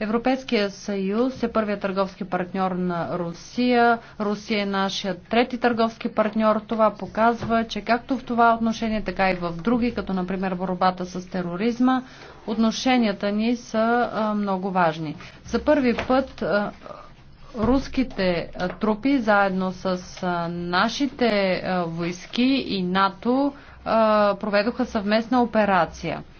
Европейския съюз е първият търговски партньор на Русия. Русия е нашият трети търговски партньор. Това показва, че както в това отношение, така и в други, като например борбата с тероризма, отношенията ни са много важни. За първи път руските трупи заедно с нашите войски и НАТО проведоха съвместна операция –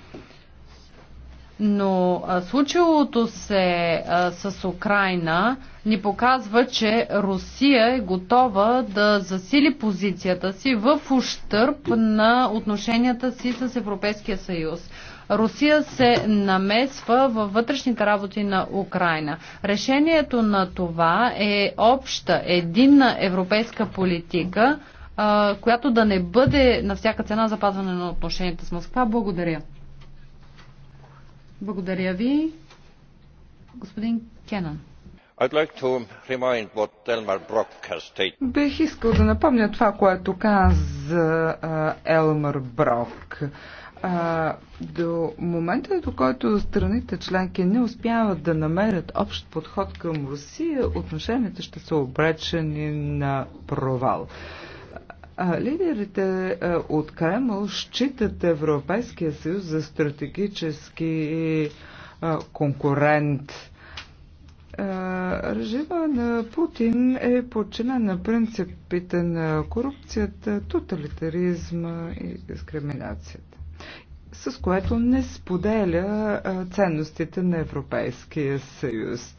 но случилото се а, с Украина ни показва, че Русия е готова да засили позицията си в ущърп на отношенията си с Европейския съюз. Русия се намесва във вътрешните работи на Украина. Решението на това е обща, единна европейска политика, а, която да не бъде на всяка цена запазване на отношенията с Москва. Благодаря. Благодаря ви. Господин Кенан. Like Бих искал да напомня това, което каза Елмар Брок. до момента, до който страните членки не успяват да намерят общ подход към Русия, отношенията ще са обречени на провал. Лидерите от Кремл считат Европейския съюз за стратегически конкурент. Режима на Путин е подчинен на принципите на корупцията, тоталитаризма и дискриминацията, с което не споделя ценностите на Европейския съюз.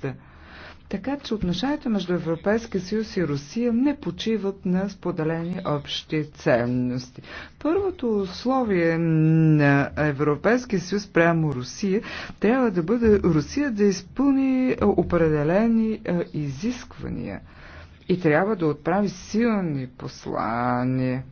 Така че отношенията между Европейския съюз и Русия не почиват на споделени общи ценности. Първото условие на Европейския съюз прямо Русия трябва да бъде Русия да изпълни определени изисквания и трябва да отправи силни послания.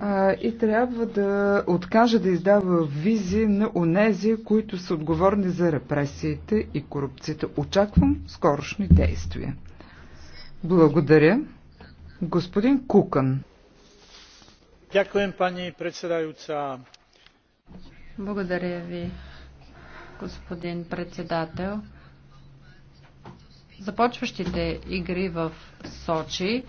а, и трябва да откаже да издава визи на онези, които са отговорни за репресиите и корупцията. Очаквам скорошни действия. Благодаря. Господин Кукан. Дякуем, пани председаюца. Благодаря ви, господин председател. Започващите игри в Сочи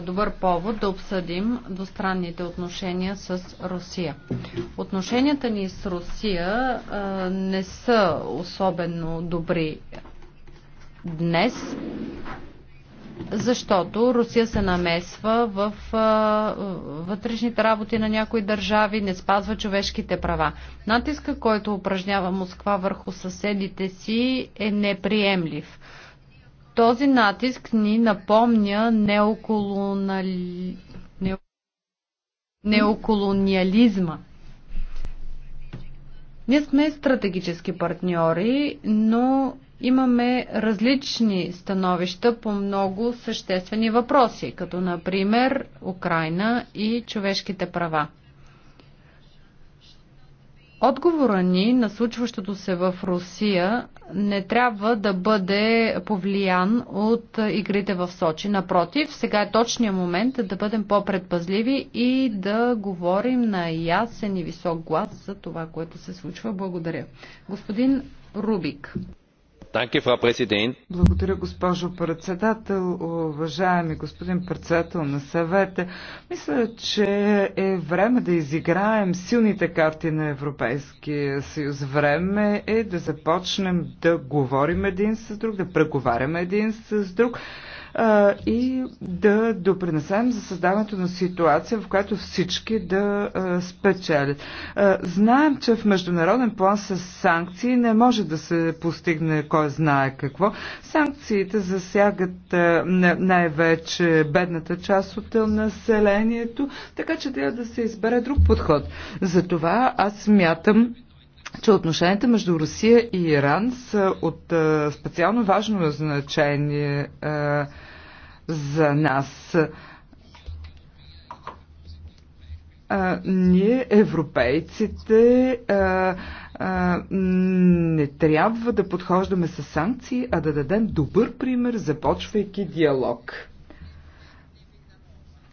добър повод да обсъдим двустранните отношения с Русия. Отношенията ни с Русия не са особено добри днес, защото Русия се намесва в вътрешните работи на някои държави, не спазва човешките права. Натиска, който упражнява Москва върху съседите си е неприемлив. Този натиск ни напомня неоколонали... неоколониализма. Ние сме стратегически партньори, но имаме различни становища по много съществени въпроси, като например Украина и човешките права. Отговора ни на случващото се в Русия не трябва да бъде повлиян от игрите в Сочи. Напротив, сега е точният момент да бъдем по-предпазливи и да говорим на ясен и висок глас за това, което се случва. Благодаря. Господин Рубик. Благодаря, госпожо председател. Уважаеми господин председател на съвета, мисля, че е време да изиграем силните карти на Европейския съюз. Време е да започнем да говорим един с друг, да преговаряме един с друг и да допринесем за създаването на ситуация, в която всички да спечелят. Знаем, че в международен план с санкции не може да се постигне кой знае какво. Санкциите засягат най-вече бедната част от населението, така че трябва да се избере друг подход. Затова аз смятам, че отношенията между Русия и Иран са от а, е, специално важно значение а, е, за нас. А, е, ние, европейците, а, а, не трябва да подхождаме с санкции, а да дадем добър пример, започвайки диалог.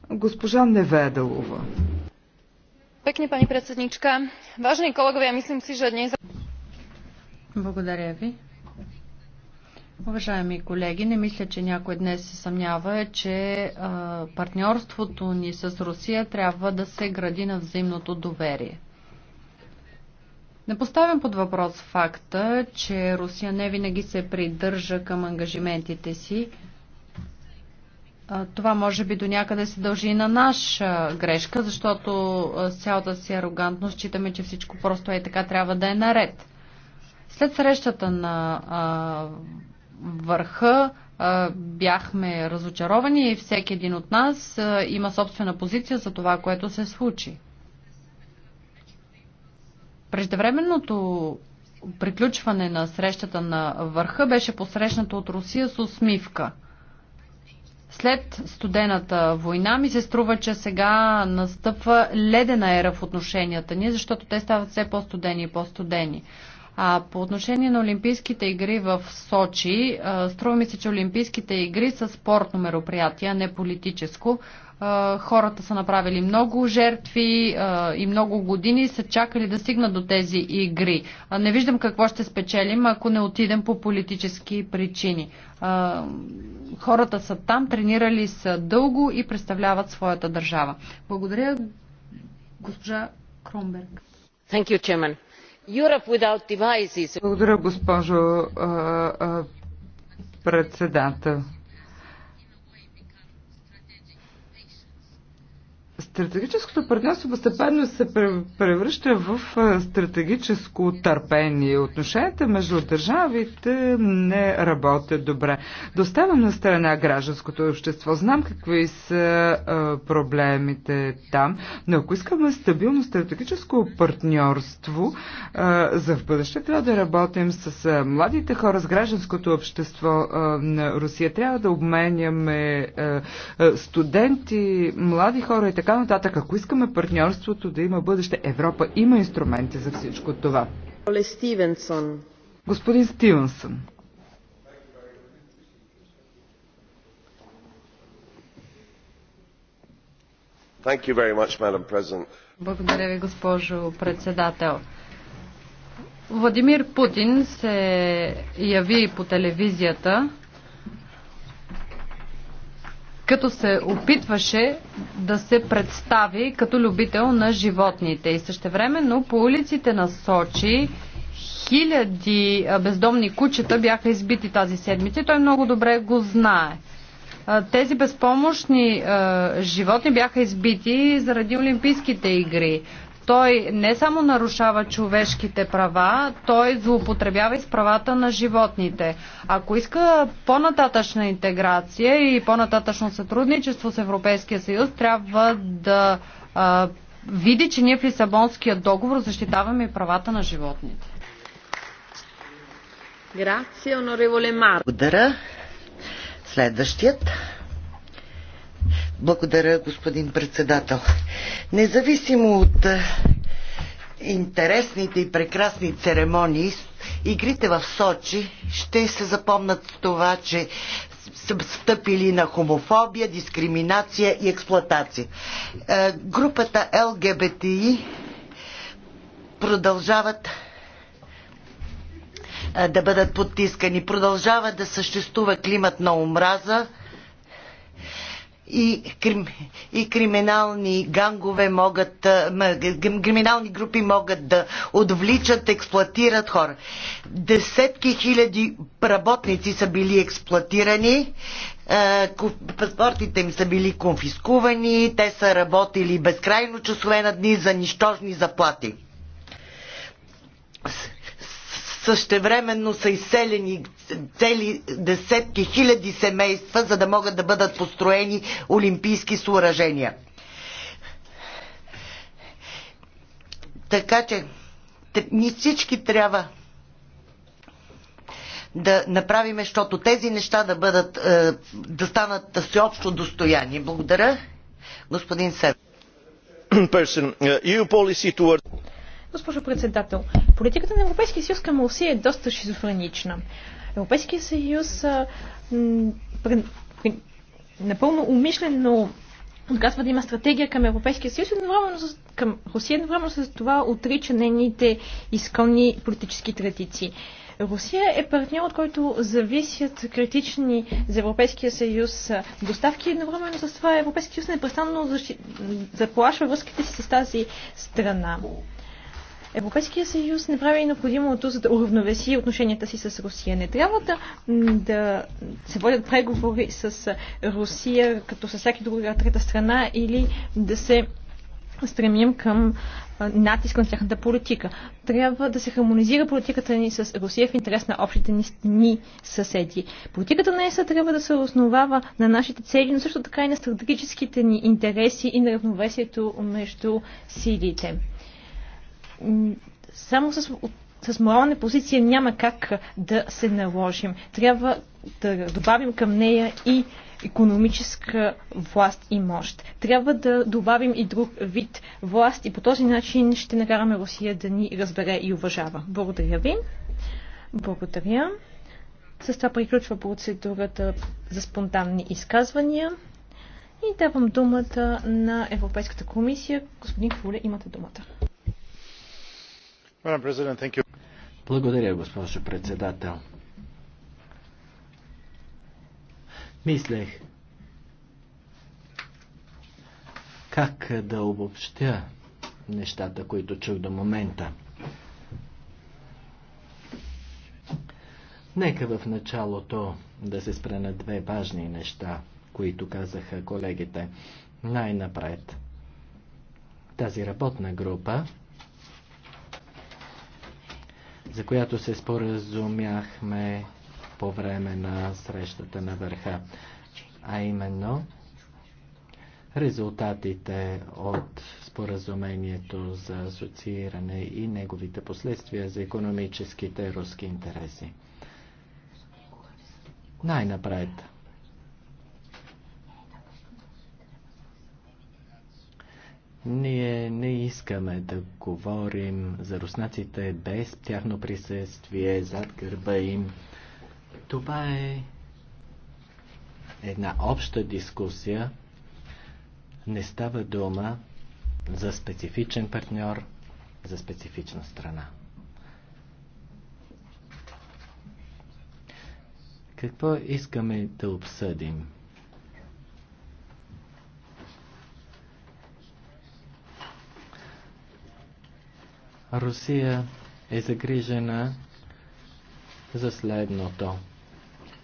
Госпожа Неведалова. Важни колегове, мислим си, Благодаря ви. Уважаеми колеги, не мисля, че някой днес се съмнява, че партньорството ни с Русия трябва да се гради на взаимното доверие. Не поставям под въпрос факта, че Русия не винаги се придържа към ангажиментите си, това може би до някъде се дължи и на наша грешка, защото с цялата си арогантност считаме, че всичко просто е така трябва да е наред. След срещата на а, върха а, бяхме разочаровани и всеки един от нас а, има собствена позиция за това, което се случи. Преждевременното приключване на срещата на върха беше посрещнато от Русия с усмивка – след студената война ми се струва, че сега настъпва ледена ера в отношенията ни, защото те стават все по-студени и по-студени. А по отношение на Олимпийските игри в Сочи, струва ми се, че Олимпийските игри са спортно мероприятие, а не политическо хората са направили много жертви и много години са чакали да стигнат до тези игри. Не виждам какво ще спечелим, ако не отидем по политически причини. Хората са там, тренирали са дълго и представляват своята държава. Благодаря, госпожа Кромберг. Thank you, Chairman. Europe without devices. Благодаря, госпожо председател. Стратегическото партньорство постепенно се превръща в стратегическо търпение. Отношенията между държавите не работят добре. Доставям на страна гражданското общество. Знам какви са проблемите там, но ако искаме стабилно стратегическо партньорство за в бъдеще, трябва да работим с младите хора, с гражданското общество на Русия. Трябва да обменяме студенти, млади хора и така нататък, ако искаме партньорството да има бъдеще, Европа има инструменти за всичко това. Стивенсон. Господин Стивенсън. Much, Благодаря ви, госпожо председател. Владимир Путин се яви по телевизията като се опитваше да се представи като любител на животните. И същевременно по улиците на Сочи хиляди бездомни кучета бяха избити тази седмица и той много добре го знае. Тези безпомощни животни бяха избити заради Олимпийските игри. Той не само нарушава човешките права, той злоупотребява и с правата на животните. Ако иска по-нататъчна интеграция и по-нататъчно сътрудничество с Европейския съюз, трябва да а, види, че ние в Лисабонския договор защитаваме и правата на животните. Благодаря. Следващият. Благодаря, господин председател. Независимо от е, интересните и прекрасни церемонии, игрите в Сочи ще се запомнат с това, че са стъпили на хомофобия, дискриминация и експлоатация. Е, групата ЛГБТИ продължават е, да бъдат потискани. Продължава да съществува климат на омраза и, крим, и криминални гангове могат, криминални групи могат да отвличат, експлуатират хора. Десетки хиляди работници са били експлуатирани, паспортите им са били конфискувани, те са работили безкрайно часове на дни за нищожни заплати. Същевременно са изселени цели десетки хиляди семейства, за да могат да бъдат построени олимпийски съоръжения. Така че ни всички трябва да направим, защото тези неща да бъдат, е, да станат всеобщо достояние. Благодаря, господин Сер. Е, Госпожо председател, политиката на Европейския съюз към Русия е доста шизофренична. Европейския съюз а, напълно умишлено отказва да има стратегия към Европейския съюз, едновременно с, към Русия, едновременно с това отрича нейните изконни политически традиции. Русия е партньор, от който зависят критични за Европейския съюз доставки. Едновременно с това Европейския съюз непрестанно заплашва връзките си с тази страна. Европейския съюз не прави необходимото, за да уравновеси отношенията си с Русия. Не трябва да, да се водят преговори с Русия като с всяки друга трета страна или да се стремим към натиск на тяхната политика. Трябва да се хармонизира политиката ни с Русия в интерес на общите ни, ни съседи. Политиката на ЕСА трябва да се основава на нашите цели, но също така и на стратегическите ни интереси и на равновесието между силите само с, с морална позиция няма как да се наложим. Трябва да добавим към нея и економическа власт и мощ. Трябва да добавим и друг вид власт и по този начин ще накараме Русия да ни разбере и уважава. Благодаря ви. Благодаря. С това приключва процедурата за спонтанни изказвания. И давам думата на Европейската комисия. Господин Фуле, имате думата. Благодаря, госпожо председател. Мислех как да обобщя нещата, които чух до момента. Нека в началото да се спра на две важни неща, които казаха колегите. Най-напред. Тази работна група за която се споразумяхме по време на срещата на върха, а именно резултатите от споразумението за асоцииране и неговите последствия за економическите руски интереси. Най-напред Ние не искаме да говорим за руснаците без тяхно присъствие зад гърба им. Това е една обща дискусия. Не става дума за специфичен партньор, за специфична страна. Какво искаме да обсъдим? Русия е загрижена за следното.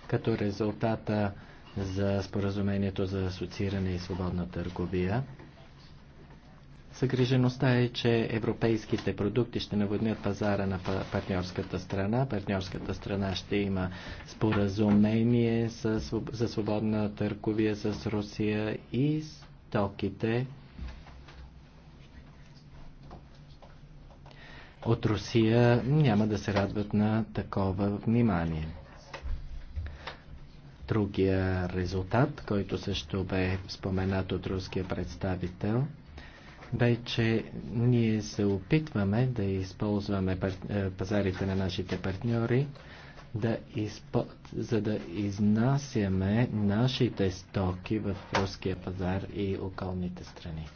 Като резултата за споразумението за асоцииране и свободна търговия, Съгрижеността е, че европейските продукти ще наводнят пазара на партньорската страна. Партньорската страна ще има споразумение за свободна търговия с Русия и стоките от Русия няма да се радват на такова внимание. Другия резултат, който също бе споменат от руския представител, бе, че ние се опитваме да използваме е, пазарите на нашите партньори, да изп... за да изнасяме нашите стоки в руския пазар и околните страни.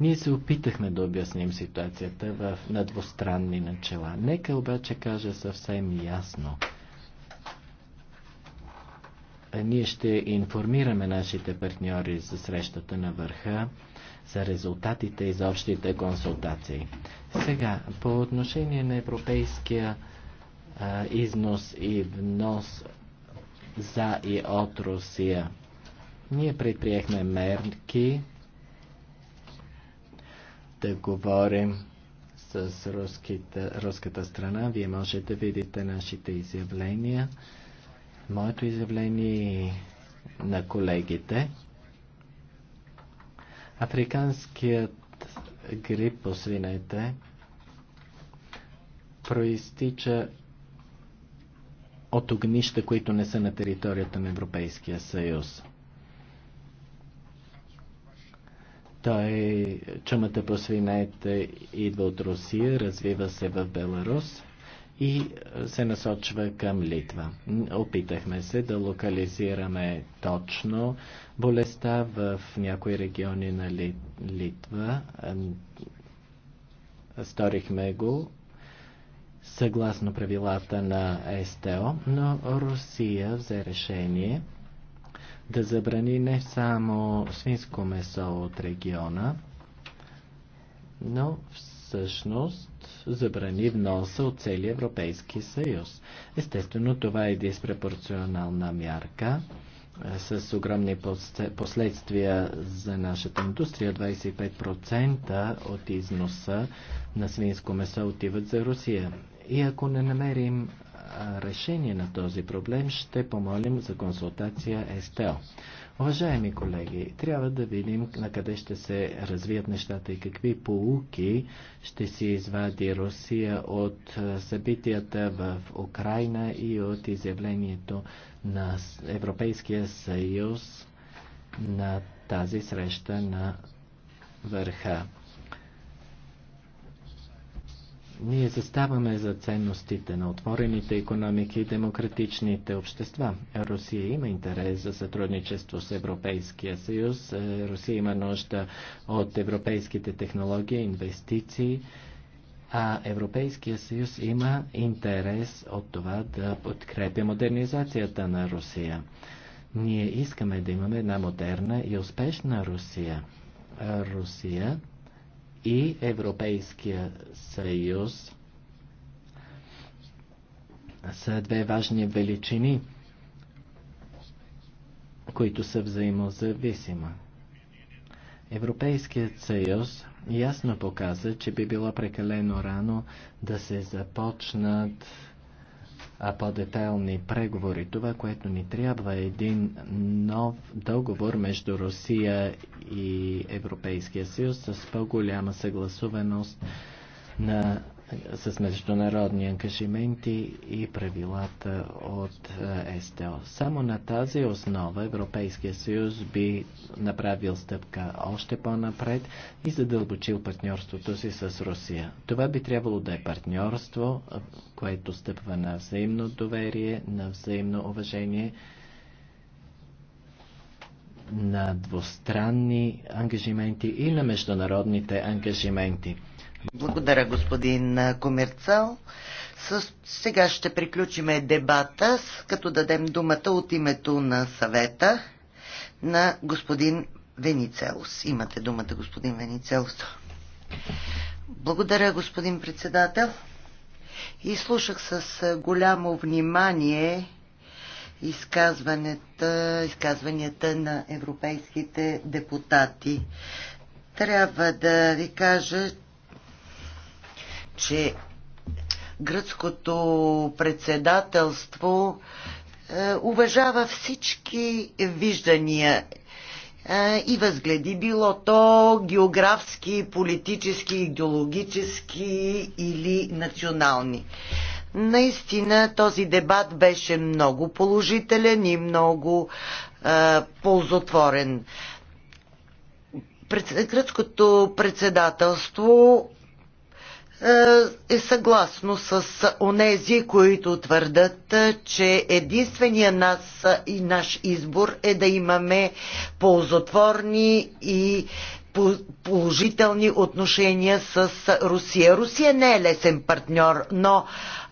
Ние се опитахме да обясним ситуацията в, на двустранни начала. Нека обаче кажа съвсем ясно. Ние ще информираме нашите партньори за срещата на върха, за резултатите и за общите консултации. Сега, по отношение на европейския а, износ и внос за и от Русия, ние предприехме мерки, да говорим с руските, руската страна. Вие можете да видите нашите изявления, моето изявление на колегите. Африканският грип по свинете проистича от огнища, които не са на територията на Европейския съюз. Той, чумата по свинете идва от Русия, развива се в Беларус и е, се насочва към Литва. Опитахме се да локализираме точно болестта в някои региони на Литва. Сторихме го съгласно правилата на е СТО, но Русия взе решение – да забрани не само свинско месо от региона, но всъщност забрани вноса от целия Европейски съюз. Естествено, това е диспропорционална мярка е, с огромни последствия за нашата индустрия. 25% от износа на свинско месо отиват за Русия. И ако не намерим решение на този проблем ще помолим за консултация СТО. Уважаеми колеги, трябва да видим на къде ще се развият нещата и какви полуки ще си извади Русия от събитията в Украина и от изявлението на Европейския съюз на тази среща на върха. Ние заставаме за ценностите на отворените економики и демократичните общества. Русия има интерес за сътрудничество с Европейския съюз. Е, Русия има нужда от европейските технологии, инвестиции. А Европейския съюз има интерес от това да подкрепя модернизацията на Русия. Ние искаме да имаме една модерна и успешна Русия. Русия и Европейския съюз са две важни величини, които са взаимозависима. Европейският съюз ясно показа, че би било прекалено рано да се започнат а по-детайлни преговори. Това, което ни трябва е един нов договор между Русия и Европейския съюз с по-голяма съгласуваност на с международни ангажименти и правилата от е, СТО. Само на тази основа Европейския съюз би направил стъпка още по-напред и задълбочил партньорството си с Русия. Това би трябвало да е партньорство, което стъпва на взаимно доверие, на взаимно уважение на двустранни ангажименти и на международните ангажименти. Благодаря, господин Комерцал. С... Сега ще приключиме дебата, като дадем думата от името на съвета на господин Веницелус. Имате думата, господин Веницелус. Благодаря, господин председател. И слушах с голямо внимание изказванията, изказванията на европейските депутати. Трябва да ви кажа, че гръцкото председателство е, уважава всички виждания е, и възгледи, било то географски, политически, идеологически или национални. Наистина този дебат беше много положителен и много е, ползотворен. Пред, гръцкото председателство е, е съгласно с онези, които твърдат, е, че единствения нас и наш избор е да имаме ползотворни и положителни отношения с Русия. Русия не е лесен партньор, но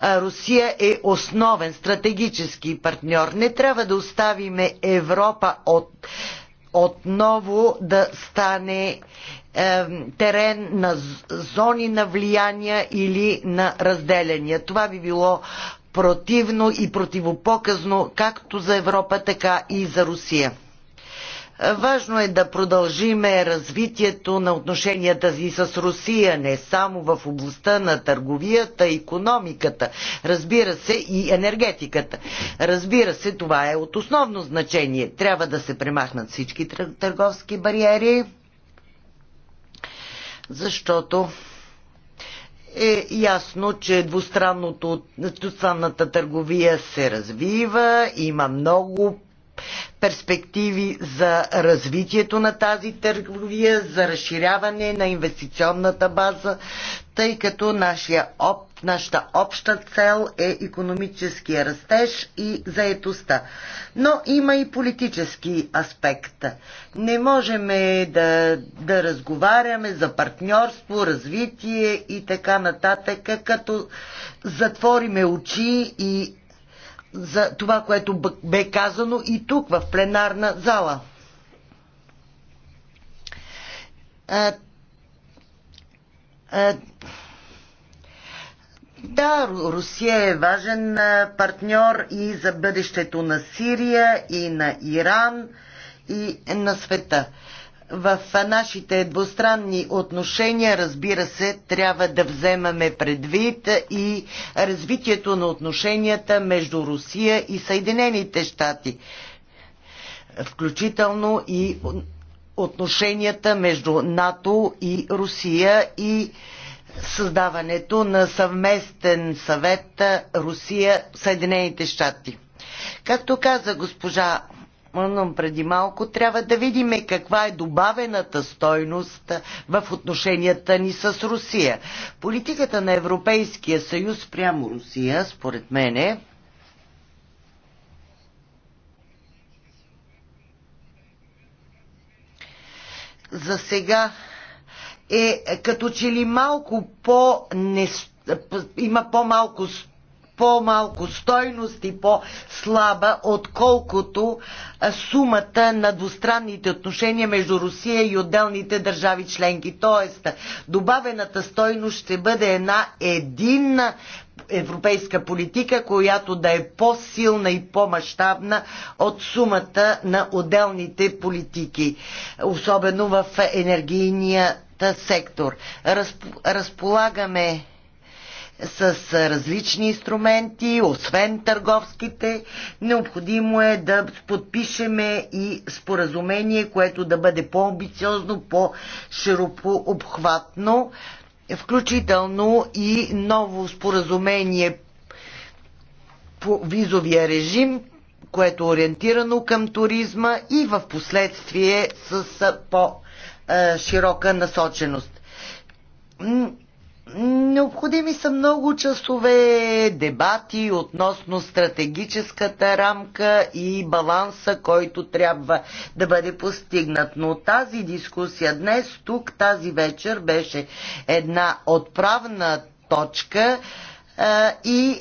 е, Русия е основен стратегически партньор. Не трябва да оставиме Европа от, отново да стане терен на зони на влияния или на разделения. Това би било противно и противопоказно както за Европа, така и за Русия. Важно е да продължиме развитието на отношенията си с Русия, не само в областта на търговията, економиката, разбира се и енергетиката. Разбира се, това е от основно значение. Трябва да се премахнат всички търговски бариери, защото е ясно, че двустранната търговия се развива, има много перспективи за развитието на тази търговия, за разширяване на инвестиционната база, тъй като нашия оп, нашата обща цел е економическия растеж и заетостта. Но има и политически аспект. Не можем да, да разговаряме за партньорство, развитие и така нататък, като затвориме очи и за това, което бе казано и тук в пленарна зала. да, Русия е важен партньор и за бъдещето на Сирия, и на Иран, и на света в нашите двустранни отношения, разбира се, трябва да вземаме предвид и развитието на отношенията между Русия и Съединените щати, включително и отношенията между НАТО и Русия и създаването на съвместен съвет Русия-Съединените щати. Както каза госпожа Мънъм преди малко, трябва да видим каква е добавената стойност в отношенията ни с Русия. Политиката на Европейския съюз прямо Русия, според мене, за сега е като че ли малко по нестойност има по-малко по-малко стойност и по-слаба, отколкото сумата на двустранните отношения между Русия и отделните държави членки. Тоест, добавената стойност ще бъде една единна европейска политика, която да е по-силна и по-масштабна от сумата на отделните политики, особено в енергийния сектор. Разполагаме с различни инструменти, освен търговските. Необходимо е да подпишеме и споразумение, което да бъде по-амбициозно, по-широко обхватно, включително и ново споразумение по визовия режим, което е ориентирано към туризма и в последствие с по-широка насоченост Необходими са много часове дебати относно стратегическата рамка и баланса, който трябва да бъде постигнат. Но тази дискусия днес, тук, тази вечер беше една отправна точка, и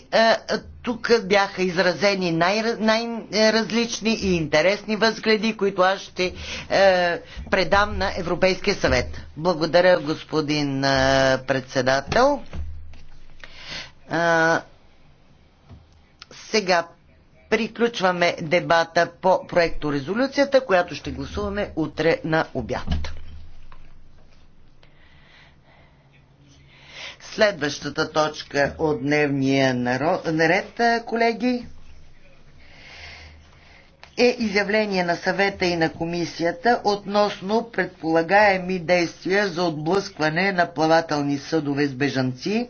тук бяха изразени най- най-различни и интересни възгледи, които аз ще е, предам на Европейския съвет. Благодаря, господин е, председател. Е, сега приключваме дебата по проекто резолюцията, която ще гласуваме утре на обяд. Следващата точка от дневния народ, наред, колеги, е изявление на съвета и на комисията относно предполагаеми действия за отблъскване на плавателни съдове с бежанци